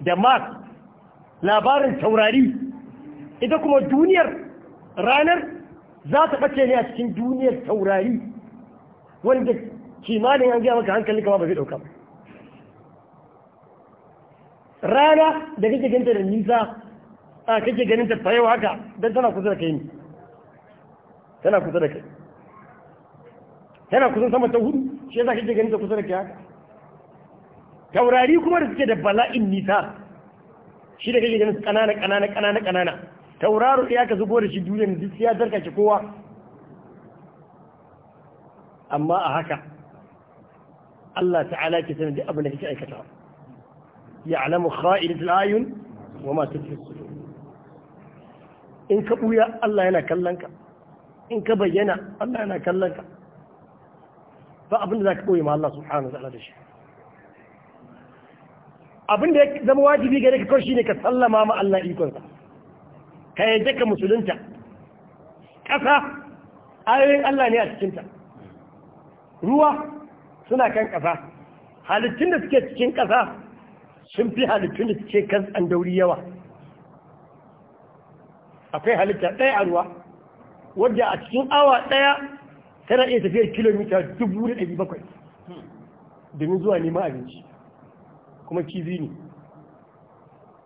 da mars labarin taurari ita kuma duniyar ranar za ta ɓace ne a cikin duniyar taurari wanda kimanin an gaya maka hankali kama ba zai ɗauka ba rana da kake ganta da nisa a kake ganin ta fayo haka don tana kusa da kai ne tana kusa da kai tana kusan sama ta hudu shi yasa kake ganin ta kusa da kai haka taurari kuma da suke da bala'in nisa shi da kake ganin ƙanana kanana kanana kanana tauraro ɗaya ka zubo da shi duniyan duk ya zarkace kowa amma a haka Allah ta'ala ke sanar da abin da kake aikata ya alamu kha'idatul ayun wa ma tafi in ka buya Allah yana kallon ka in ka bayyana Allah yana kallon ka ba abin da za ka ɓoye ma Allah subhanahu wa ta'ala da shi abin da ya zama wajibi gare ka kawai shine ka sallama ma Allah ikonsa ka yi ka musulunta ƙasa ayoyin Allah ne a cikinta ruwa suna kan ƙasa halittun da suke cikin ƙasa sun fi halittun da suke kan tsandauri yawa akwai halitta ɗaya a ruwa wadda a cikin awa ɗaya tana iya tafiyar kilomita dubu da ɗari bakwai domin zuwa neman abinci kuma kizi ne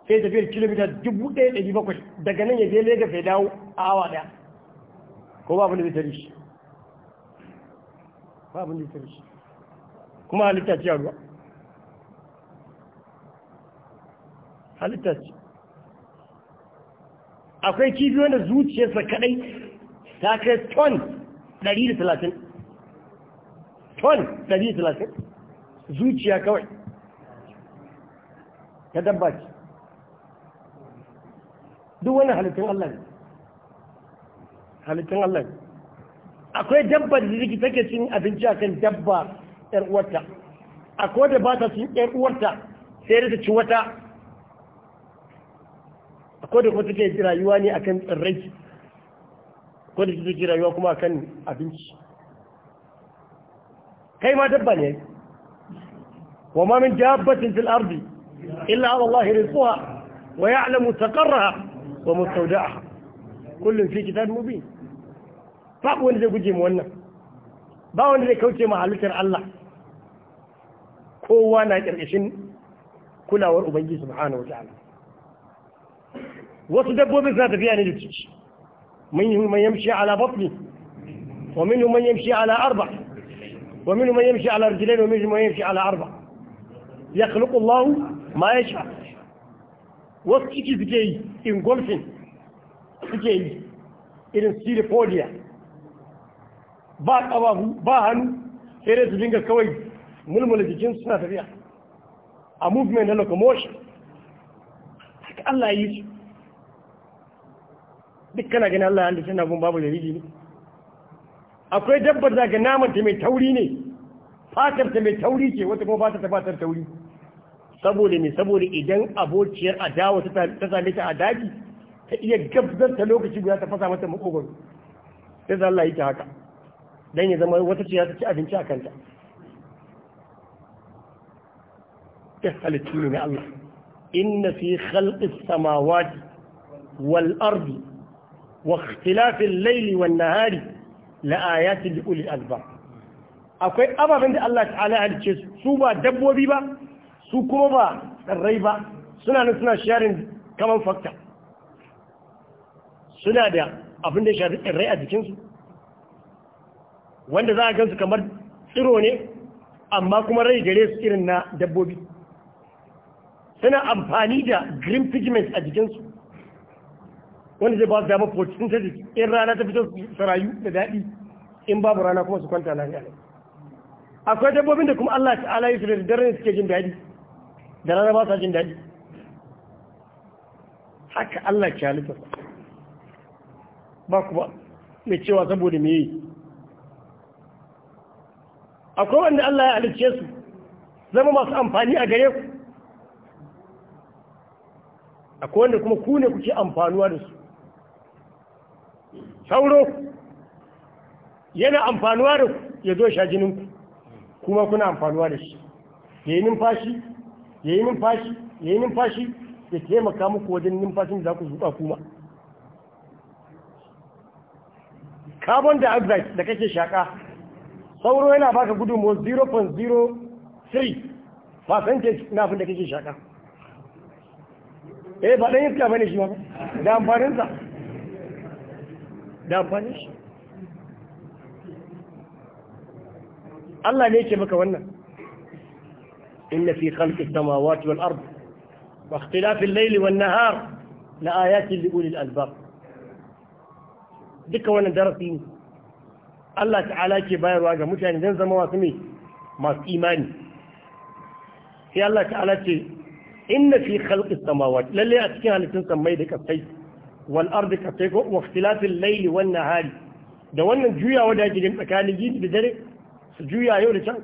sai tafiyar kilomita dubu ɗaya ɗari bakwai daga nan ya je lagos ya dawo a awa ɗaya ko ba da zai shi ba abin da zai shi kuma halitta ce a ruwa halitta ce akwai kibiyoyin da zuciyarsa kadai ta kai ton 130 ton 130 zuciya kawai ta dabbaci duk wani halittun Allah ne halittun Allah ne akwai dabba da take take cin abinci akan dabba yar uwarta akwai da ba ta cin yar uwarta sai da ta ci wata akwai da kuma take rayuwa ne akan tsirrai akwai da take rayuwa kuma akan abinci kai ma dabba ne wa ma min batun fil ardi illa ala Allah rizquha wa ya'lamu taqarraha ومستودعها كل في كتاب مبين فأقوان زي قجي مونا باوان زي كوتي مع لتر الله كوانا ترقشن كلا وربنجي سبحانه وتعالى وصدبوا بذات فيها نجتش منهم من يمشي على بطني ومنهم من يمشي على أربع ومنهم من يمشي على رجلين ومنهم من يمشي على أربع يخلق الله ما يشاء wasu iki suke yi ingolfin suke yi irin siripolia ba ƙabahu ba hannu sai dai su dinga kawai mulmula jikin suna tafiya a movement na locomotion haka Allah yi su duk kana gani Allah ya suna na gun babu jariri ne akwai dabbar daga namanta naman ta mai tauri ne fatar ta mai tauri ce wata kuma fatar ta fatar tauri saboda ne saboda idan abociyar adawa ta same ta a daji ta iya gabzar ta lokaci guda ta fasa mata makogoro sai za Allah yi ta haka dan ya zama wata ce ta ci abinci a kanta ta halittu ne Allah inna fi khalqi samawati wal ardi wa ikhtilafi al layli wan nahari la ayatin li ulil albab akwai ababen da Allah ta'ala ya halice su ba dabbobi ba su kuma ba tsarrai ba suna nan suna sharing common factor suna da abin da ya shafi tsarrai a jikinsu wanda za a gansu kamar tsiro ne amma kuma rai gare su irin na dabbobi suna amfani da green pigments a jikinsu wanda zai ba su dama photosynthesis in rana ta fito sarayu da daɗi in babu rana kuma su kwanta lafiya akwai dabbobin da kuma Allah ta'ala yi su da daren suke jin daɗi da rana ba sa jin daɗi haka Allah ke halittar ba ku ba mai cewa saboda me yi akwai wanda Allah ya halicce su zama masu amfani a gare ku akwai wanda kuma ku ne kuke amfanuwa da su sauro yana amfanuwa da ku ya zo sha jininku kuma kuna amfanuwa da shi ya yi numfashi ya yi numfashi ya yi numfashi ya taimaka muku wajen numfashin da za ku zuba kuma carbon dioxide da kake shaƙa sauro yana baka gudunmuwar 0.03 percentage na abin da kake shaƙa eh ba ɗan iska bane shi ba da amfaninsa da amfanin shi Allah ne ke maka wannan إن في خلق السماوات والأرض واختلاف الليل والنهار لآيات لأولي الألباب duka wannan darasi Allah ta'ala ke bayarwa ga mutane zan zama wasu ne masu imani sai Allah ta'ala ce inna fi khalqis samawati lalle a cikin halittun sammai da kasai wal ardi kasai ko wa ikhtilafil layli wan nahari da wannan juyawa da yake tsakanin yini da dare su juya yau da can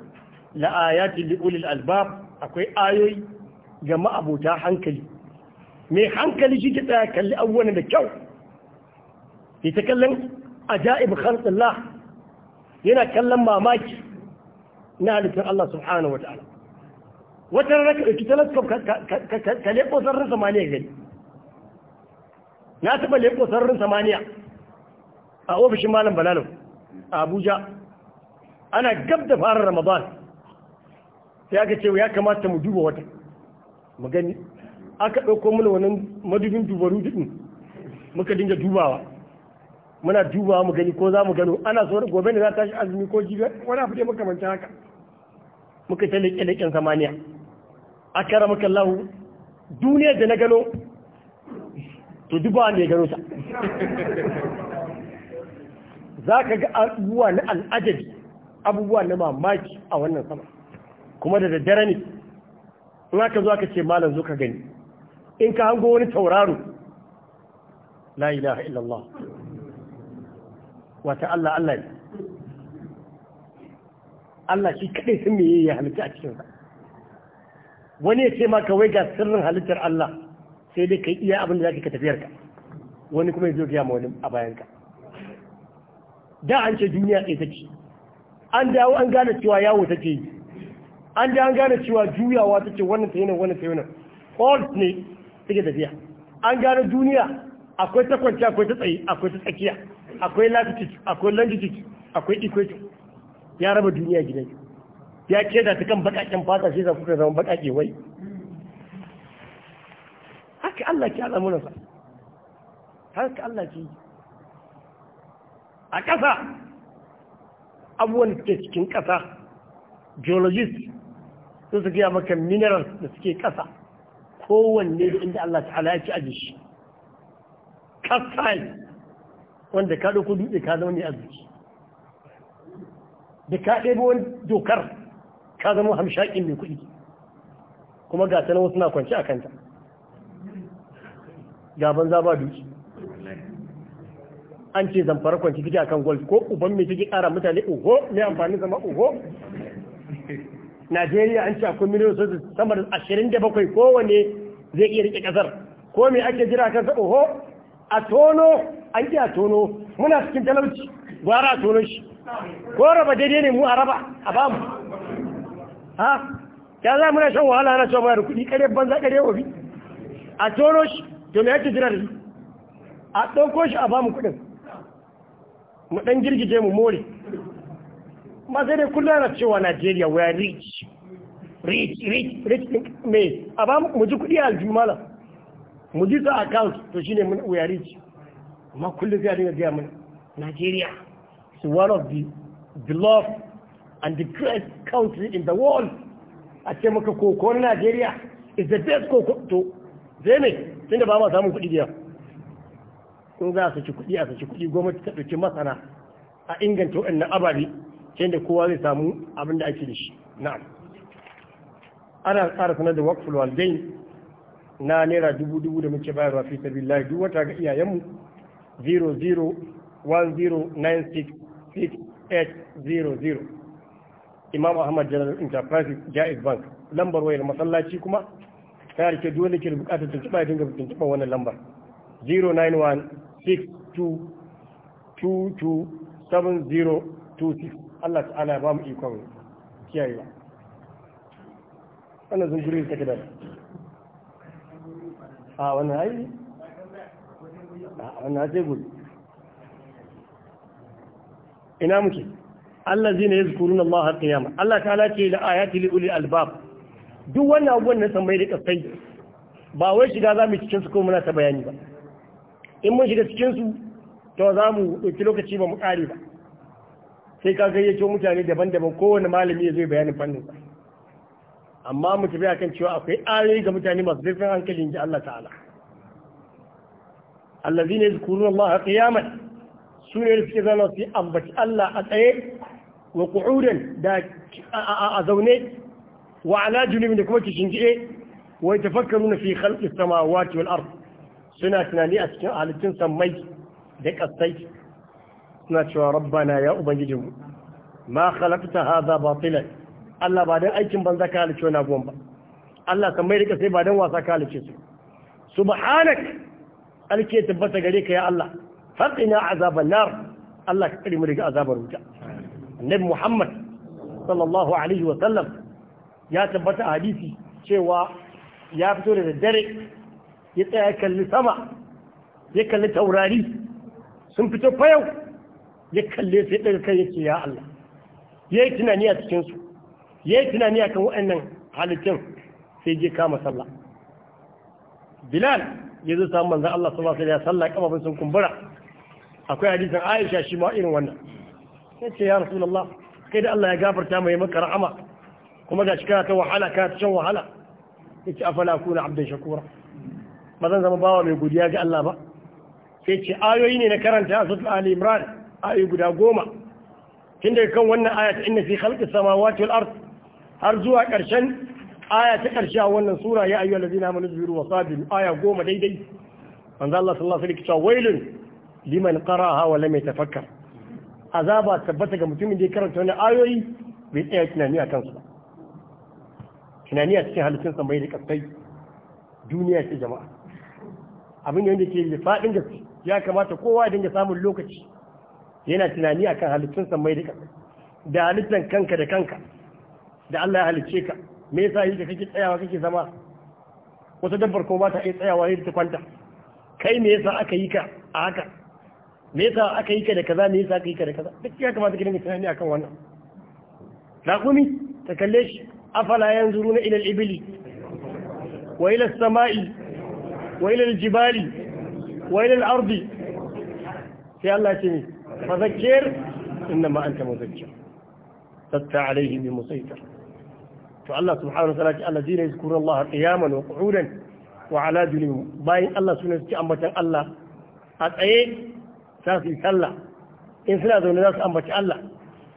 la ayatin li albab akwai ayoyi ga ma'abuta hankali mai hankali shi ke tsaya kalli abubuwan da kyau ke ta kallon ajaib khalqillah yana kallon mamaki na halittar Allah subhanahu wa ta'ala wata rana ka ɗauki telescope ka leƙo sararin samaniya gani na taɓa leƙo sararin samaniya a ofishin malam balalo a abuja ana gab da fara ramadan sai aka ce ya kamata mu duba wata mu gani aka ɗauko mana wannan madubin dubaru din muka dinga dubawa muna dubawa mu gani ko za mu gano ana so gobe ne za ta shi azumi ko jibe wani abu dai makamancin haka muka ta leƙe leƙen samaniya a kara maka lahu duniya da na gano to duba ne gano ta za ka ga abubuwa na al'ajabi abubuwa na mamaki a wannan sama kuma da daddare ne in aka zo aka ce malam zo ka gani in ka hango wani tauraro la ilaha illallah wata Allah Allah ne Allah shi kadai sun me ya halitta a cikin wani ya ce ma ka wai ga sirrin halittar Allah sai dai ka iya abin da zaka ka tafiyar ka wani kuma ya zo gaya ma wani a bayan ka da an ce duniya tsaye take an dawo an gane cewa yawo take yi an da an gane cewa juyawa take wannan ta yi nan wannan ta yi nan fault ne ke tafiya an gane duniya akwai ta kwanci akwai ta tsaye akwai ta tsakiya akwai latitude akwai longitude akwai equator ya raba duniya gidan ya ce da ta kan bakakken fata shi za kuka zama bakake wai haka Allah ke al'amuran sa haka Allah ke a ƙasa abubuwan da suke cikin ƙasa geologist sun su gaya maka mineral da suke kasa kowanne da inda Allah ta'ala ya ci aji shi kasai wanda ka ɗauko dutse ka zama ne zuci da ka ɗebo wani dokar ka zama hamshakin mai kuɗi kuma ga ta wasu na kwanci a kanta gaban za ba duki an ce zamfara kwanci a kan gold ko uban mai kike ƙara mutane oho mai amfani zama oho najeriya an ce akwai miliyan sosai sama da ashirin da bakwai kowane zai iya rike kasar ko me ake jira kan sa oho a tono an ji a tono muna cikin talauci gwara a tono shi ko raba daidai ne mu a raba a ba mu ha ya za muna shan wahala na shan wayar kuɗi kare banza kare obi a tono shi to me ake jira da shi a ɗauko shi a ba mu kuɗin mu ɗan girgije mu more ma sai dai kullum yana cewa Najeriya we are rich rich rich rich me a ba mu ji kuɗi aljumala mu ji ta account to shine mun we are rich amma kullum sai dinga gaya mana Najeriya is one of the beloved and the great country in the world a ce maka koko na Najeriya is the best koko to zai ne tunda ba ma samun kuɗi biya in za a saki kuɗi a saki kuɗi gwamnati ta ɗauki masana a inganta waɗannan ababe yadda kowa zai samu abin da ake da shi na'am ana tsara sanar da waqful walidain na naira dubu dubu da muke bayarwa fi sabilillah duk wata ga iyayenmu 0010966800 Imam Ahmad General Enterprise Jaiz Bank lambar wayar masallaci kuma ta rike duk ke bukatar tuntuɓa ya dinga tuntuɓa wannan lambar 091 62 22 Allah ta'ala ya ba mu ikon kiyayewa wannan zunguri ta gidan a wannan ai a wannan ce gudu ina muke Allah zai ne ya zukurun Allah har kiyama Allah ta'ala ce da ayati li ulil albab duk wannan abubuwan na bai da kasai ba wai shiga za mu cikin su ko muna ta bayani ba in mun shiga cikin su to za mu ɗauki lokaci ba mu ƙare ba sai ka gayyato mutane daban-daban kowane malami ya zo bayanin fannin sa amma mu tafi akan cewa akwai ayoyi ga mutane masu zurfin hankali inji Allah ta'ala allazina yadhkuruna Allah qiyaman su ne suke zama su ambaci Allah a tsaye wa qu'udan da a zaune wa ala junubin da kuma kishingiye wa yatafakkaruna fi khalqis samawati wal ard suna tunani a cikin halittun sammai da kasai suna cewa rabbana ya ubangijinmu ma khalaqta ba batilan Allah ba dan aikin banza ka halice wannan abuwan ba Allah kan mai rika sai ba dan wasa ka halice su subhanak alke tabbata gare ka ya Allah faqina azaban nar Allah ka kare mu daga azabar wuta annabi Muhammad sallallahu alaihi wa sallam ya tabbata a hadisi cewa ya fito da daddare ya tsaya kalli sama ya kalli taurari sun fito fayau ya kalle su ya daga kai yake ya Allah ya yi tunani a cikinsu ya yi tunani akan waɗannan halittun sai je kama sallah bilal ya zo samu manzan Allah sallallahu alaihi wasallam sallah kamar sun kumbura akwai hadisin Aisha shi ma irin wannan sai ce ya Rasulullah kai da Allah ya gafarta mai maka rahama kuma gashi kana ta wahala kana ta shan wahala yace afala kuna abdan shakura ba zan zama bawa mai godiya ga Allah ba sai ce ayoyi ne na karanta a suratul Ali Imran ayi guda goma tun daga kan wannan aya ta inna fi khalqi samawati wal ard har zuwa karshen aya ta karshe wannan sura ya ayyuhal ladina amanu biru wa sabiru aya goma daidai manzo Allah sallallahu alaihi wasallam wailun liman qara'aha wa lam yatafakkar azaba tabbata ga mutumin da ya karanta wannan ayoyi bai tsaya tunani a kansu ba tunani a cikin halittun samai da kasai duniya ce jama'a abin da wanda ke da faɗin gaske ya kamata kowa ya dinga samun lokaci yana tunani akan halittun sammai da kanka da halittun kanka da kanka da Allah ya halicce ka me yasa yi da kake tsayawa kake zama wata dabbar ko ba ta iya tsayawa yadda ta kwanta kai me yasa aka yi ka a haka me yasa aka yi ka da kaza me yasa aka yi ka da kaza duk ya kamata ka dinga tunani akan wannan raƙumi ta kalle shi afala yanzuruna ila al-ibli wa ila as-sama'i wa ila al-jibali wa ila al-ardi sai Allah ya ce فذكر إنما أنت مذكر لست عليهم بمسيطر فالله سبحانه وتعالى الذين يذكرون الله قياما وقعودا وعلى جنوبهم باين الله سبحانه وتعالى أمبتن الله أتأيه ساسي سلا إن سنا ذو ناس أمبت الله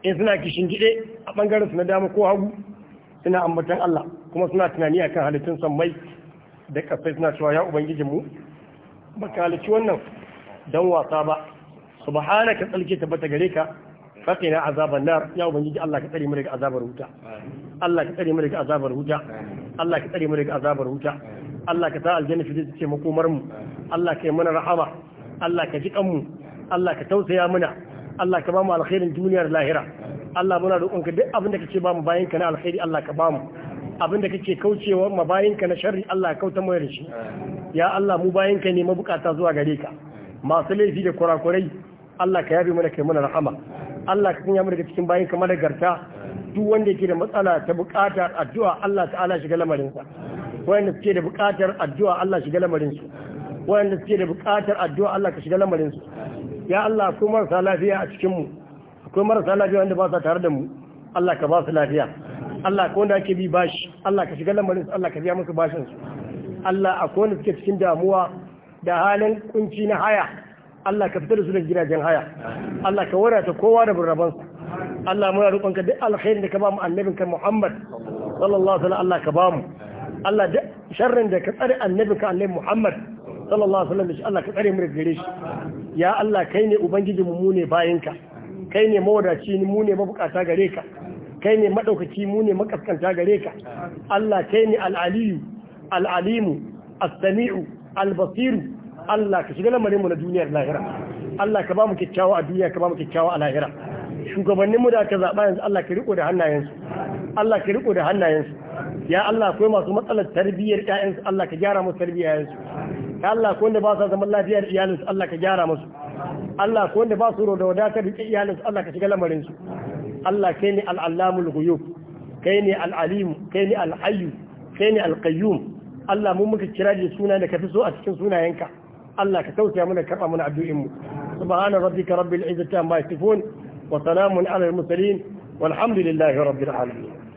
in suna kishin gide a bangaren su na dama ko hagu suna ambatan Allah kuma suna tunani akan halittun sammai da kasai suna cewa ya mu baka halicci wannan dan wasa ba subhanaka tsalke tabbata gare ka fakina azaban nar ya ubangiji Allah ka tsare mu daga azabar wuta Allah ka tsare mu daga azabar wuta Allah ka tsare mu daga azabar wuta Allah ka sa aljanna fi ce makomar mu Allah ka yi mana rahama Allah ka ji Allah ka tausaya mana Allah ka ba mu alkhairin lahira Allah muna duk abin da ba mu bayan ka na alkhairi Allah ka ba mu abin da kake kaucewa bayan ka na sharri Allah ka kauta mu da shi ya Allah mu bayan ka ne mabukata zuwa gare ka masu laifi da kurakurai Allah ka yabe mana kai mana rahama Allah ka sanya mana daga cikin bayin kamar garta duk wanda yake da matsala ta buƙatar addu'a Allah ta'ala shiga lamarin sa wanda suke da buƙatar addu'a Allah shiga lamarin su wanda suke da buƙatar addu'a Allah ka shiga lamarin su ya Allah akwai marasa lafiya a cikin mu akwai marasa lafiya wanda ba sa tare da mu Allah ka ba su lafiya Allah ko wanda ake bi bashi Allah ka shiga lamarin su Allah ka biya musu bashin su Allah akwai wanda suke cikin damuwa da halin kunci na haya Allah ka fitar da su daga gidajen haya Allah ka wadata kowa da burrabansa Allah muna roƙonka duk alkhairin da ka ba mu annabin ka Muhammad sallallahu alaihi wasallam Allah ka ba mu Allah duk sharrin da ka tsare annabin ka annabi Muhammad sallallahu alaihi wasallam Allah ka tsare mu daga gare shi ya Allah kai ne ubangiji mu ne bayinka kai ne mawadaci mu ne mabukata gare ka kai ne madaukaki mu ne makaskanta gare ka Allah kai ne al-aliyu al-alimu as-sami'u al-basiru Allah ka shiga lamarin mu na duniyar lahira Allah ka ba mu kyakkyawa a duniya ka ba mu kyakkyawa a lahira shugabanninmu da aka zaɓa yanzu Allah ka riko da hannayensu Allah ka riko da hannayensu ya Allah akwai masu matsalar tarbiyyar ƴaƴansu Allah ka gyara musu tarbiyyarsu ya Allah akwai wanda ba su zaman lafiyar iyalinsu Allah ka gyara musu Allah akwai wanda ba su da wadatar riƙe iyalinsu Allah ka shiga lamarinsu Allah kai ne al'allamul ghuyub kai ne al'alimu kai ne al'ayyu kai ne alqayyum Allah mun muka kira da suna da kafi so a cikin sunayenka الله كتوتي يا منا كرم عبد إمه سبحان ربك رب العزة ما يصفون وسلام على المرسلين والحمد لله رب العالمين